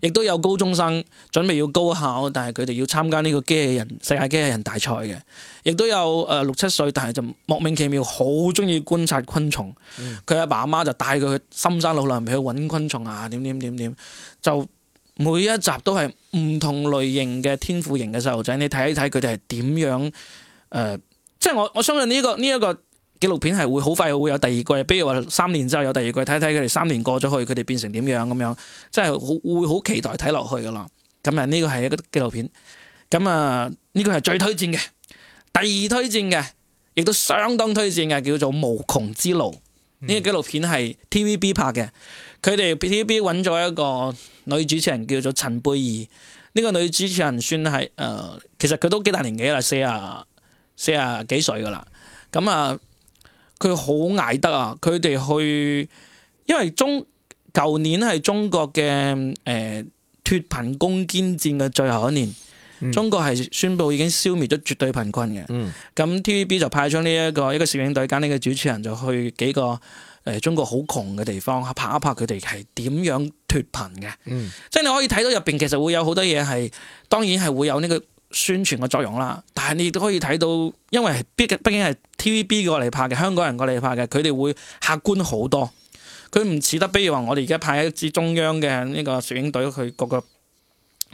亦都有高中生準備要高考，但係佢哋要參加呢個機器人世界機器人大賽嘅。亦都有誒、呃、六七歲，但係就莫名其妙好中意觀察昆蟲，佢阿爸阿媽就帶佢去深山老林，去搵昆蟲啊，點點點點。就每一集都係唔同類型嘅天賦型嘅細路仔，你睇一睇佢哋係點樣誒、呃，即係我我相信呢個呢一個。這個紀錄片係會好快會有第二季，比如話三年之後有第二季，睇睇佢哋三年過咗去，佢哋變成點樣咁樣，即係好會好期待睇落去噶啦。咁、嗯、啊，呢個係一個紀錄片，咁啊呢個係最推薦嘅，第二推薦嘅，亦都相當推薦嘅，叫做《無窮之路》。呢、嗯、個紀錄片係 T V B 拍嘅，佢哋 T V B 揾咗一個女主持人叫做陳貝兒，呢、這個女主持人算係誒、呃，其實佢都幾大年紀啦，四啊四啊幾歲噶啦，咁、嗯、啊。嗯佢好捱得啊！佢哋去，因為中舊年係中國嘅、誒、呃、脫貧攻堅戰嘅最後一年，嗯、中國係宣布已經消滅咗絕對貧困嘅。嗯，咁 T V B 就派咗呢一個一個攝影隊揀呢個主持人就去幾個誒、呃、中國好窮嘅地方吓拍一拍佢哋係點樣脫貧嘅。嗯，即係你可以睇到入邊其實會有好多嘢係當然係會有呢、這個。宣傳嘅作用啦，但係你亦都可以睇到，因為畢畢竟係 TVB 過嚟拍嘅，香港人過嚟拍嘅，佢哋會客觀好多。佢唔似得，比如話我哋而家派一支中央嘅呢個攝影隊去各個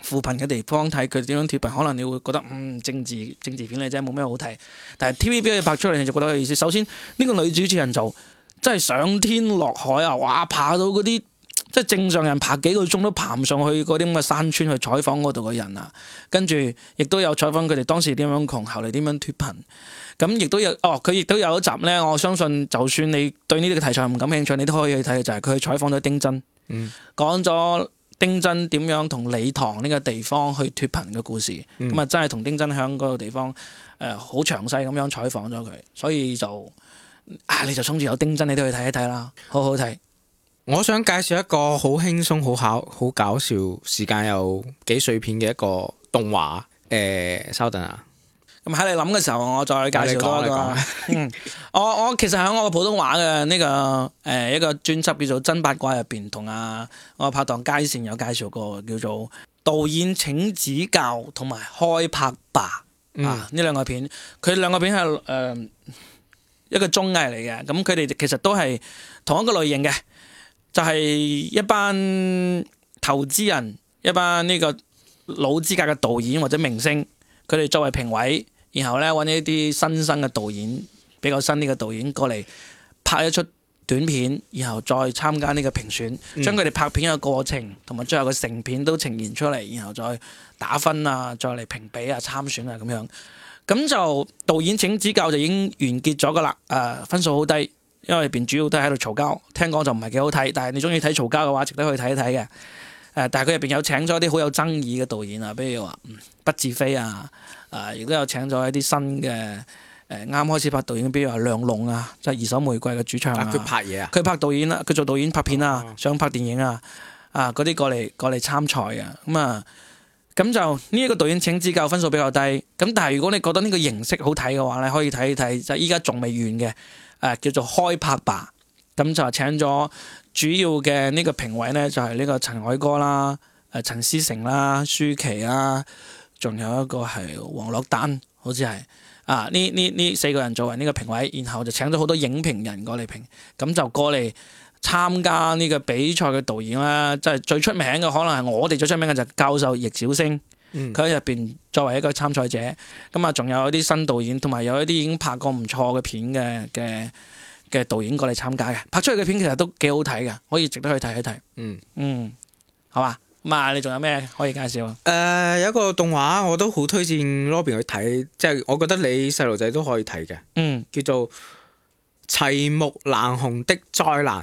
扶貧嘅地方睇佢點樣脫貧，可能你會覺得嗯，政治政治片真啫，冇咩好睇。但係 TVB 佢拍出嚟你就覺得有意思。首先呢個女主持人就真係上天落海啊，哇，爬到嗰啲。即係正常人爬幾個鐘都爬唔上去嗰啲咁嘅山村去採訪嗰度嘅人啊，跟住亦都有採訪佢哋當時點樣窮，後嚟點樣脫貧，咁亦都有哦。佢亦都有一集咧，我相信就算你對呢啲嘅題材唔感興趣，你都可以去睇就係佢去採訪咗丁真，講咗、嗯、丁真點樣同理塘呢個地方去脫貧嘅故事，咁啊、嗯、真係同丁真響嗰個地方誒好詳細咁樣採訪咗佢，所以就啊你就衝住有丁真你都可以睇一睇啦，好好睇。我想介紹一個好輕鬆、好搞、好搞笑、時間又幾碎片嘅一個動畫。誒、欸，稍等啊，咁喺你諗嘅時候，我再介紹多一個。 嗯、我我其實喺我個普通話嘅呢、這個誒、呃、一個專輯叫做《真八卦》入邊，同阿、啊、我拍檔牙籤有介紹過叫做《導演請指教》同埋《開拍吧》嗯、啊呢兩個片。佢兩個片係誒、呃、一個綜藝嚟嘅，咁佢哋其實都係同一個類型嘅。就係一班投資人，一班呢個老資格嘅導演或者明星，佢哋作為評委，然後咧揾一啲新生嘅導演，比較新呢個導演過嚟拍一出短片，然後再參加呢個評選，將佢哋拍片嘅過程同埋最後嘅成片都呈現出嚟，然後再打分啊，再嚟評比啊，參選啊咁樣。咁就導演請指教就已經完結咗噶啦，誒、呃、分數好低。因為入邊主要都喺度嘈交，聽講就唔係幾好睇，但係你中意睇嘈交嘅話，值得去睇一睇嘅。誒、呃，但係佢入邊有請咗一啲好有爭議嘅導演啊，比如話、嗯、畢志飛啊，誒、呃，亦都有請咗一啲新嘅，誒、呃，啱開始拍導演，比如話梁龍啊，即係二手玫瑰嘅主唱啊，佢拍嘢啊，佢、啊拍，啊、拍導演啦，佢做導演拍片啊，嗯嗯嗯想拍電影啊，啊，嗰啲過嚟過嚟參賽啊，咁、嗯、啊，咁就呢一、這個導演請指教，分數比較低，咁但係如果你覺得呢個形式好睇嘅話咧，可以睇一睇，就依家仲未完嘅。誒，叫做開拍吧，咁就請咗主要嘅呢個評委咧，就係、是、呢個陳凱歌啦、誒、呃、陳思成啦、舒淇啦，仲有一個係王珞丹，好似係啊，呢呢呢四個人作為呢個評委，然後就請咗好多影評人過嚟評，咁就過嚟參加呢個比賽嘅導演啦，即、就、係、是、最出名嘅，可能係我哋最出名嘅就係教授易小星。佢喺入邊作為一個參賽者，咁啊，仲有一啲新導演，同埋有一啲已經拍過唔錯嘅片嘅嘅嘅導演過嚟參加嘅，拍出嚟嘅片其實都幾好睇嘅，可以值得去睇一睇。嗯嗯，好吧？咁啊，你仲有咩可以介紹啊？誒、呃，有一個動畫我都好推薦 Robin 去睇，即係我覺得你細路仔都可以睇嘅。嗯，叫做《齊木楠雄的災難》。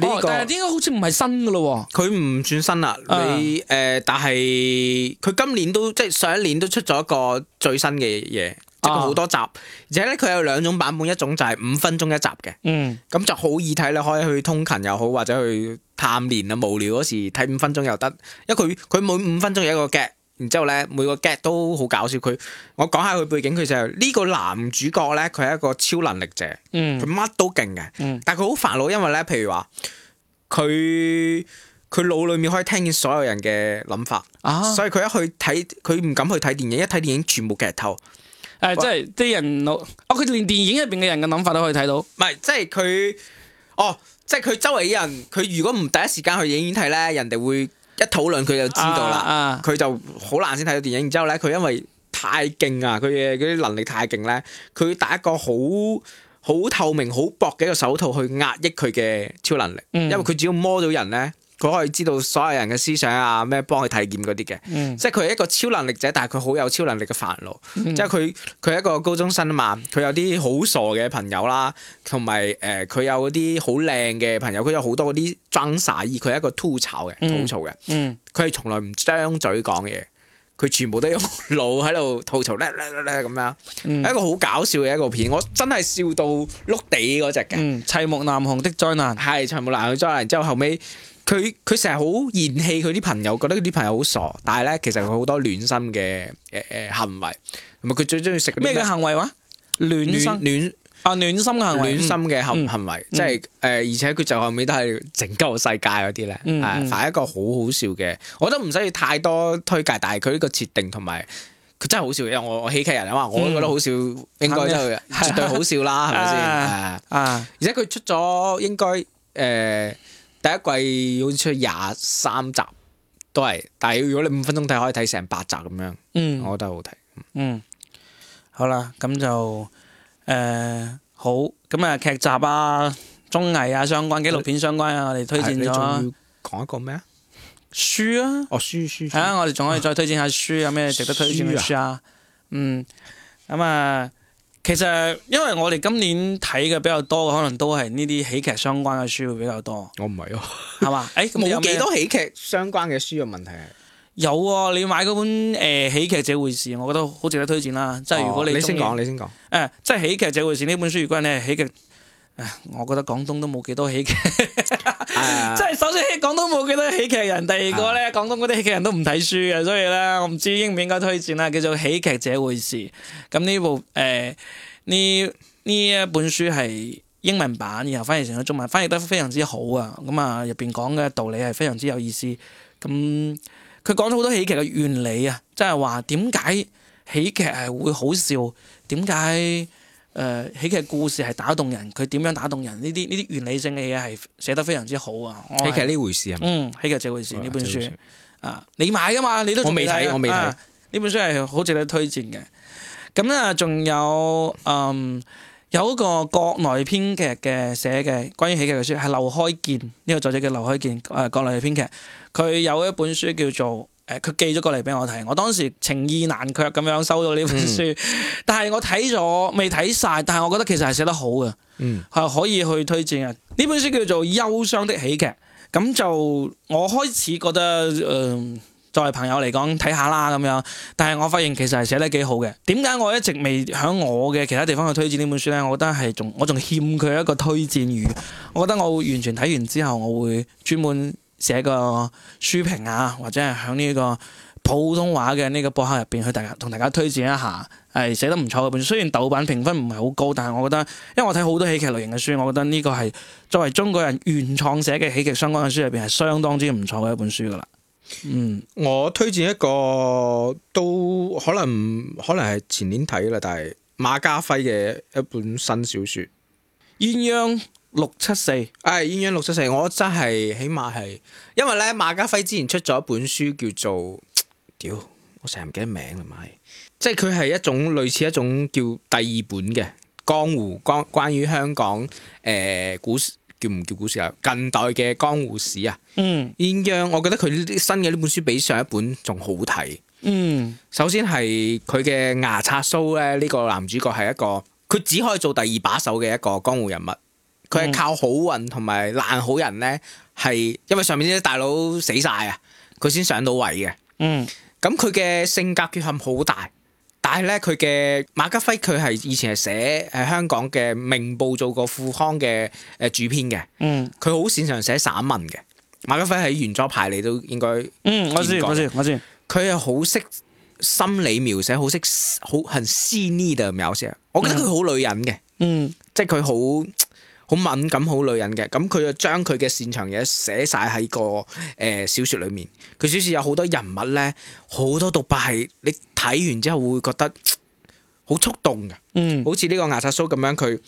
哦，但係點解好似唔係新噶咯？佢唔算新啦，嗯、你誒、呃，但係佢今年都即係上一年都出咗一個最新嘅嘢，即係好多集，啊、而且咧佢有兩種版本，一種就係五分鐘一集嘅，嗯，咁就好易睇啦，可以去通勤又好或者去探連啊無聊嗰時睇五分鐘又得，因為佢佢每五分鐘有一個 gag。然之後咧，每個 g e 都好搞笑。佢我講下佢背景，佢就呢、是這個男主角咧，佢係一個超能力者，佢乜、嗯、都勁嘅。嗯、但係佢好煩惱，因為咧，譬如話佢佢腦裏面可以聽見所有人嘅諗法，啊、所以佢一去睇，佢唔敢去睇電影，一睇電影全部夾透，誒、呃，即係啲人腦哦，佢連電影入邊嘅人嘅諗法都可以睇到。唔係，即係佢哦，即係佢周圍嘅人，佢如果唔第一時間去影院睇咧，人哋會。一討論佢就知道啦，佢、ah, ah. 就好難先睇到電影。然之後咧，佢因為太勁啊，佢嘅嗰啲能力太勁咧，佢戴一個好好透明、好薄嘅一個手套去壓抑佢嘅超能力，因為佢只要摸到人咧。佢可以知道所有人嘅思想啊咩？幫佢體檢嗰啲嘅，嗯、即係佢係一個超能力者，但係佢好有超能力嘅煩惱，嗯、即係佢佢一個高中生啊嘛，佢有啲好傻嘅朋友啦，同埋誒佢有啲好靚嘅朋友，佢有好多嗰啲 j o u 佢係一個吐槽嘅吐槽嘅，佢係、嗯嗯、從來唔張嘴講嘢，佢全部都用腦喺度吐槽，叻叻叻叻咁樣，一個好搞笑嘅一個片，我真係笑到碌地嗰隻嘅，嗯、《齊木楠雄的災難》，係《齊木楠雄的災難》，之後後尾。佢佢成日好嫌棄佢啲朋友，覺得佢啲朋友好傻。但係咧，其實佢好多暖心嘅誒誒行為，係咪佢最中意食咩嘅行為啊？暖心暖啊暖心嘅行為，暖、啊、心嘅行行為，即係誒、呃，而且佢就後尾都係拯救世界嗰啲咧，係拍、嗯嗯啊、一個好好笑嘅。我覺得唔需要太多推介，但係佢呢個設定同埋佢真係好笑，因為我我喜劇人啊嘛，我都覺得好笑，應該都絕對好笑啦，係咪先？啊，啊啊啊啊啊啊啊而且佢出咗應該誒。呃啊啊啊第一季好似出廿三集，都係，但係如果你五分鐘睇，可以睇成八集咁樣，嗯、我覺得好睇。嗯，好啦，咁就誒、呃、好，咁啊劇集啊、綜藝啊、相關紀錄片相關啊，我哋推薦咗。講一個咩啊？書啊。哦，書書。係啊，我哋仲可以再推薦下書，有咩、啊、值得推薦嘅書啊？嗯，咁啊。其實，因為我哋今年睇嘅比較多嘅，可能都係呢啲喜劇相關嘅書會比較多。我唔係喎，係、欸、嘛？誒，冇幾多喜劇相關嘅書嘅問題。有、啊，你買嗰本誒、呃、喜劇這回事，我覺得好值得推薦啦。即係如果你你先講，你先講。誒、嗯，即係喜劇這回事呢本書如果你係喜劇。我覺得廣東都冇幾多喜劇，uh, 即係首先廣東冇幾多喜劇人，第二個咧廣東嗰啲喜劇人都唔睇書嘅，所以咧我唔知應唔應該推薦啦。叫做喜劇這回事，咁呢部誒呢呢一本書係英文版，然後翻譯成咗中文，翻譯得非常之好啊。咁啊入邊講嘅道理係非常之有意思。咁佢講咗好多喜劇嘅原理啊，即係話點解喜劇係會好笑，點解？誒、呃，喜劇故事係打動人，佢點樣打動人？呢啲呢啲原理性嘅嘢係寫得非常之好啊！喜劇呢回事啊，嗯，喜劇呢回事呢哇本書啊，你買噶嘛？你都未睇，我未睇，啊、我未睇呢本書係好值得推薦嘅。咁咧，仲有嗯，有一個國內編劇嘅寫嘅關於喜劇嘅書，係劉開健呢、這個作者叫劉開健，誒、呃，國內嘅編劇，佢有一本書叫做。誒，佢寄咗過嚟俾我睇，我當時情意難卻咁樣收到呢本書，嗯、但係我睇咗未睇晒，但係我覺得其實係寫得好嘅，係、嗯、可以去推薦嘅。呢本書叫做《憂傷的喜劇》，咁就我開始覺得，嗯、呃，作為朋友嚟講睇下啦咁樣。但係我發現其實係寫得幾好嘅。點解我一直未響我嘅其他地方去推薦呢本書呢？我覺得係仲我仲欠佢一個推薦語。我覺得我完全睇完之後，我會專門。寫個書評啊，或者係喺呢個普通話嘅呢個博客入邊，去大同大家推薦一下，係寫得唔錯嘅本書。雖然豆瓣評分唔係好高，但係我覺得，因為我睇好多喜劇類型嘅書，我覺得呢個係作為中國人原創寫嘅喜劇相關嘅書入邊，係相當之唔錯嘅一本書㗎啦。嗯，我推薦一個都可能可能係前年睇啦，但係馬家輝嘅一本新小説《鴛鴦》。六七四，誒鴛鴦六七四。我真係起碼係，因為咧馬家輝之前出咗一本書叫做屌，我成日唔記得名啦嘛，即係佢係一種類似一種叫第二本嘅江湖關關於香港誒、呃、古叫唔叫古史啊？近代嘅江湖史啊。嗯，鴛鴦我覺得佢呢啲新嘅呢本書比上一本仲好睇。嗯，首先係佢嘅牙刷蘇咧，呢、這個男主角係一個佢只可以做第二把手嘅一個江湖人物。佢係靠好運同埋爛好人咧，係因為上面啲大佬死晒啊，佢先上到位嘅。嗯，咁佢嘅性格缺陷好大，但係咧佢嘅馬家輝佢係以前係寫喺香港嘅《明報》做過副刊嘅誒主編嘅。嗯，佢好擅長寫散文嘅。馬家輝喺原作派嚟都應該，嗯，我知我知我知。佢係好識心理描寫，好識好很細膩嘅描寫。我覺得佢好女人嘅，嗯，嗯，即係佢好。好敏感、好女人嘅，咁佢就將佢嘅擅長嘢寫晒喺個誒、呃、小説裏面。佢小説有好多人物咧，好多獨白係你睇完之後會覺得好觸動嘅。嗯，好似呢個牙刷蘇咁樣，佢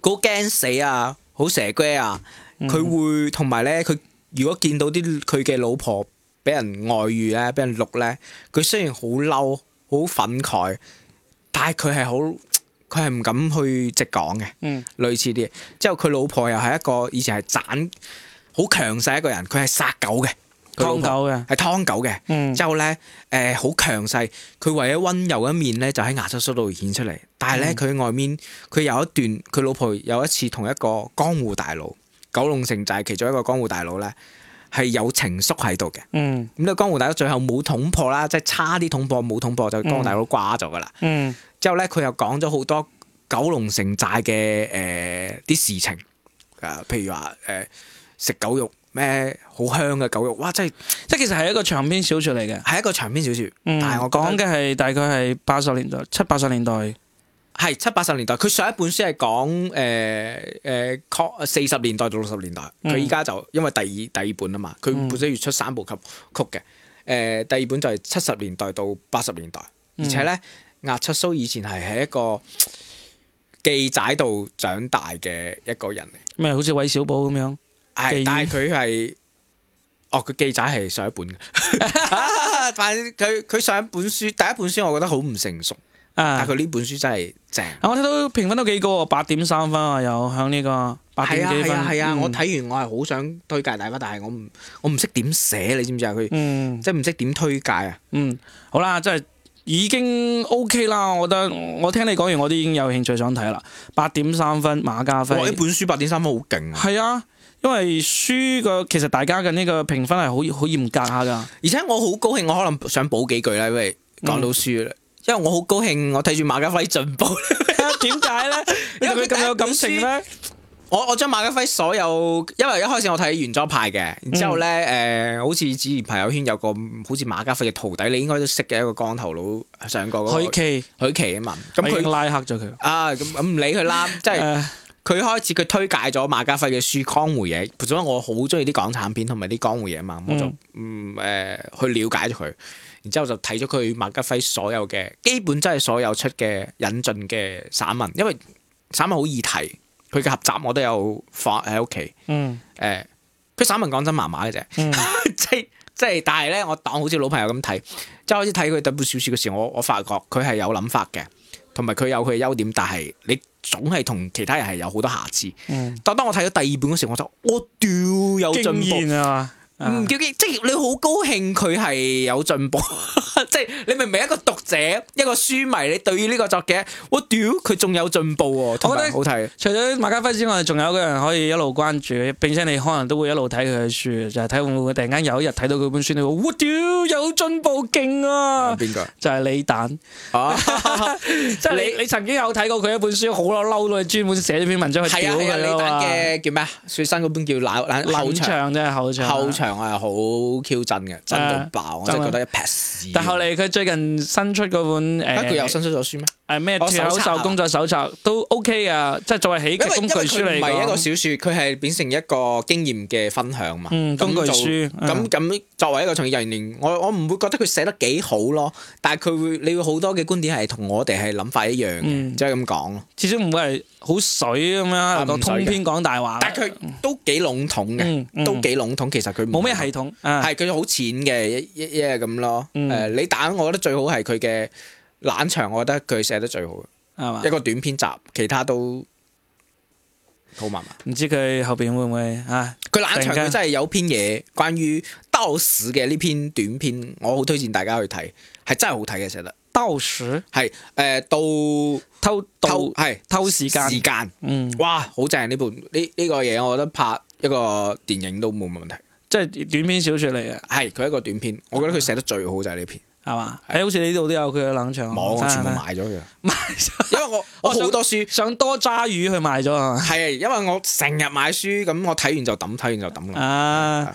好驚死啊，好蛇龜啊，佢會同埋咧，佢、嗯、如果見到啲佢嘅老婆俾人外遇咧，俾人綠咧，佢雖然好嬲、好憤慨，但係佢係好。佢係唔敢去直講嘅，嗯、類似啲。之後佢老婆又係一個以前係盞好強勢一個人，佢係殺狗嘅，湯狗嘅，係湯狗嘅。嗯、之後咧，誒好強勢，佢為咗温柔一面咧，就喺牙刷梳度顯出嚟。但係咧，佢、嗯、外面佢有一段，佢老婆有一次同一個江湖大佬，九龍城寨係其中一個江湖大佬咧。係有情愫喺度嘅，咁咧、嗯、江湖大佬最後冇捅破啦，即係差啲捅破，冇捅破就江湖大佬瓜咗噶啦。嗯嗯、之後咧，佢又講咗好多九龍城寨嘅誒啲事情，啊，譬如話誒、呃、食狗肉咩好香嘅狗肉，哇！真係即係其實係一個長篇小説嚟嘅，係一個長篇小説，嗯、但係我講嘅係大概係八十年代七八十年代。係七八十年代，佢上一本書係講誒誒，四、呃、十、呃、年代到六十年代。佢依家就因為第二第二本啊嘛，佢本身要出三部曲嘅。誒、嗯、第二本就係七十年代到八十年代，而且咧，阿七蘇以前係喺一個記仔度長大嘅一個人嚟。咩、嗯？好似韋小寶咁樣？係、嗯，但係佢係，哦，佢記仔係上一本嘅。啊、 但係佢佢上一本書，第一本書我覺得好唔成熟。啊！嗯、但佢呢本書真係正、嗯，我睇到評分都幾高，八點三分啊，又響呢個八點幾分係啊，啊，啊、嗯、我睇完我係好想推介大家，但係我唔我唔識點寫，你知唔知、嗯、啊？佢，即係唔識點推介啊。嗯，好啦，即係已經 OK 啦。我覺得我聽你講完，我都已經有興趣想睇啦。八點三分，馬家輝，哇，呢本書八點三分好勁啊！係啊、嗯，因為書個其實大家嘅呢個評分係好好嚴格噶。而且我好高興，我可能想補幾句咧，因為講到書因為我好高興，我睇住馬家輝進步呢，點解咧？你對佢咁有感情咩 ？我我將馬家輝所有，因為一開始我睇原裝派嘅，然之後咧，誒、嗯呃，好似之前朋友圈有個好似馬家輝嘅徒弟，你應該都識嘅一個光頭佬上過許淇許淇啊嘛，咁佢奇他拉黑咗佢啊，咁唔理佢啦。即係佢開始佢推介咗馬家輝嘅書江湖嘢，咁我好中意啲港產片同埋啲江湖嘢啊嘛，我就嗯誒、嗯、去了解咗佢。然之後就睇咗佢馬家輝所有嘅基本，真係所有出嘅引進嘅散文，因為散文好易睇，佢嘅合集我都有放喺屋企。嗯。佢、欸、散文講真麻麻嘅啫。即係、嗯、 但係咧，我當好似老朋友咁睇，即係開始睇佢本小說嘅時候，我我發覺佢係有諗法嘅，同埋佢有佢嘅優點，但係你總係同其他人係有好多瑕疵。嗯、但當我睇到第二本嗰時，我就我屌、oh, 有進步啊！唔叫嘅職你好高興佢係有進步呵呵，即係你明明一個讀者，一個書迷，你對於呢個作者，我屌佢仲有進步喎，同埋好睇。除咗馬家輝之外，仲有一個人可以一路關注，並且你可能都會一路睇佢嘅書，就係睇會突然間有一日睇到佢本書，你話我屌有進步勁啊！邊個？就係李誕，即係你你曾經有睇過佢一本書，好甩 load 咯，專門寫咗篇文章去屌李咯。嘅叫咩啊？雪山嗰本叫老《柳柳長》真係好唱」老。老係我好 Q 真嘅，真到爆！我真係覺得一撇屎。但後嚟佢最近新出嗰本誒，佢又新出咗書咩？誒咩？手冊工作手冊都 OK 啊！即係作為喜劇工具書嚟唔係一個小説，佢係變成一個經驗嘅分享嘛。工具書，咁咁作為一個從業人員，我我唔會覺得佢寫得幾好咯。但係佢會，你會好多嘅觀點係同我哋係諗法一樣，即係咁講。至少唔會係好水咁樣講，通篇講大話。但係佢都幾籠統嘅，都幾籠統。其實佢。冇咩系統，係佢好淺嘅一一一係咁咯。誒，李誕，我覺得最好係佢嘅冷場，我覺得佢寫得最好嘅，嘛、啊、一個短篇集，其他都好麻麻。唔知佢後邊會唔會啊？佢、啊、冷場，佢下真係有篇嘢關於刀時嘅呢篇短篇，我好推薦大家去睇，係真係好睇嘅，寫得刀時係、呃、到，偷偷偷偷時間時間，時間嗯、哇，好正呢部呢呢個嘢，我覺得拍一個電影都冇乜問題。即係短篇小說嚟嘅，係佢一個短篇，我覺得佢寫得最好就係呢篇，係嘛？喺好似你呢度都有佢嘅冷場，冇，我全部賣咗佢，賣，因為我我好多書，想多揸魚去賣咗啊。係，因為我成日買書，咁我睇完就抌，睇完就抌啦。啊，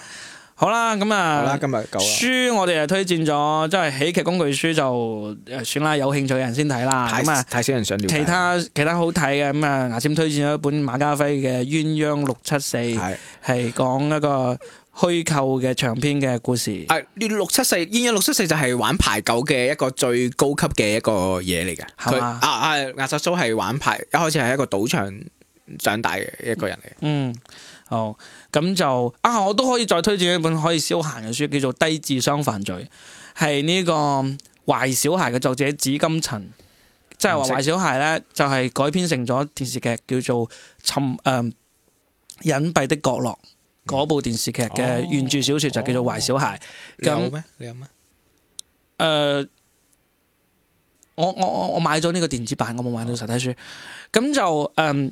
好啦，咁啊，好啦，今日夠書，我哋啊推薦咗，即係喜劇工具書就算啦，有興趣嘅人先睇啦。睇啊，太少人想睇。其他其他好睇嘅，咁啊，牙籤推薦咗一本馬家輝嘅《鴛鴦六七四》，係係講一個。虛構嘅長篇嘅故事，誒、啊，六七四，二一六七四就係玩牌九嘅一個最高級嘅一個嘢嚟嘅，佢吧啊係亞、啊、瑟蘇係玩牌，一開始係一個賭場長大嘅一個人嚟、嗯。嗯，哦，咁就啊，我都可以再推薦一本可以消閒嘅書，叫做《低智商犯罪》，係呢個壞小孩嘅作者紫金陳，即係話壞小孩呢，就係、是、改編成咗電視劇，叫做沉《沉誒隱蔽的角落》。嗰部電視劇嘅原著小説就叫做《壞小孩》。咁、哦、那你有咩？你有咩？誒、呃，我我我我買咗呢個電子版，我冇買到實體書。咁就誒，咁、呃、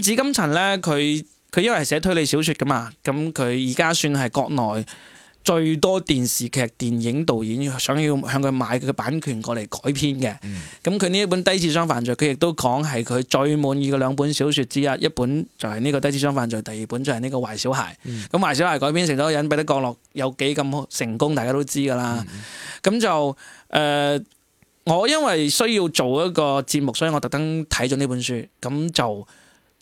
紫金層咧，佢佢因為係寫推理小説噶嘛，咁佢而家算係國內。最多電視劇、電影導演想要向佢買佢嘅版權過嚟改編嘅，咁佢呢一本《低智商犯罪》，佢亦都講係佢最滿意嘅兩本小説之一，一本就係呢個《低智商犯罪》，第二本就係呢個《壞小孩》mm。咁、hmm.《壞小孩》改編成咗《隱秘的角落》，有幾咁成功，大家都知㗎啦。咁、mm hmm. 就誒、呃，我因為需要做一個節目，所以我特登睇咗呢本書，咁就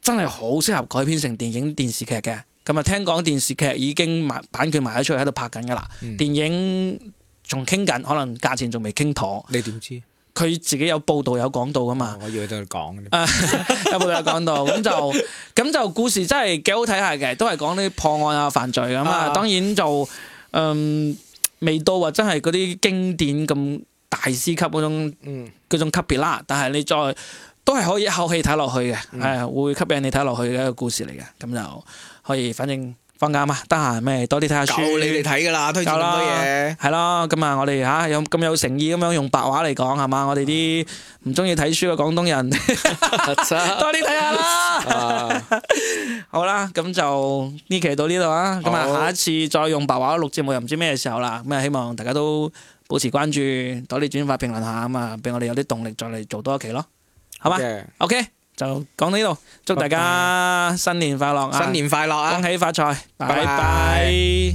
真係好適合改編成電影、電視劇嘅。咁啊，聽講電視劇已經買版權賣咗出去，喺度拍緊㗎喇。電影仲傾緊，可能價錢仲未傾妥。你點知？佢自己有報道有講到㗎嘛？我以為都要佢講。 有報道講到，咁就咁就故事真係幾好睇下嘅，都係講啲破案啊、犯罪咁啊。當然就嗯未到話真係嗰啲經典咁大師級嗰種嗰、嗯、種級別啦，但係你再，都係可以一口氣睇落去嘅，係、嗯、會吸引你睇落去嘅一個故事嚟嘅，咁就可以，反正放假嘛，得閒咩，多啲睇下書，你哋睇噶啦，推咁多嘢，係咯，咁啊，我哋吓有咁有誠意咁樣用白話嚟講係嘛，我哋啲唔中意睇書嘅廣東人，嗯、 多啲睇下啦，啊、 好啦，咁就呢期到呢度啊，咁啊好，下一次再用白話錄節目又唔知咩時候啦，咁啊，希望大家都保持關注，多啲轉發評論下，咁啊，俾我哋有啲動力再嚟做多一期咯。好嘛，OK，OK，就講到呢度，祝大家新年快樂啊！新年快樂啊！恭喜發財，拜拜。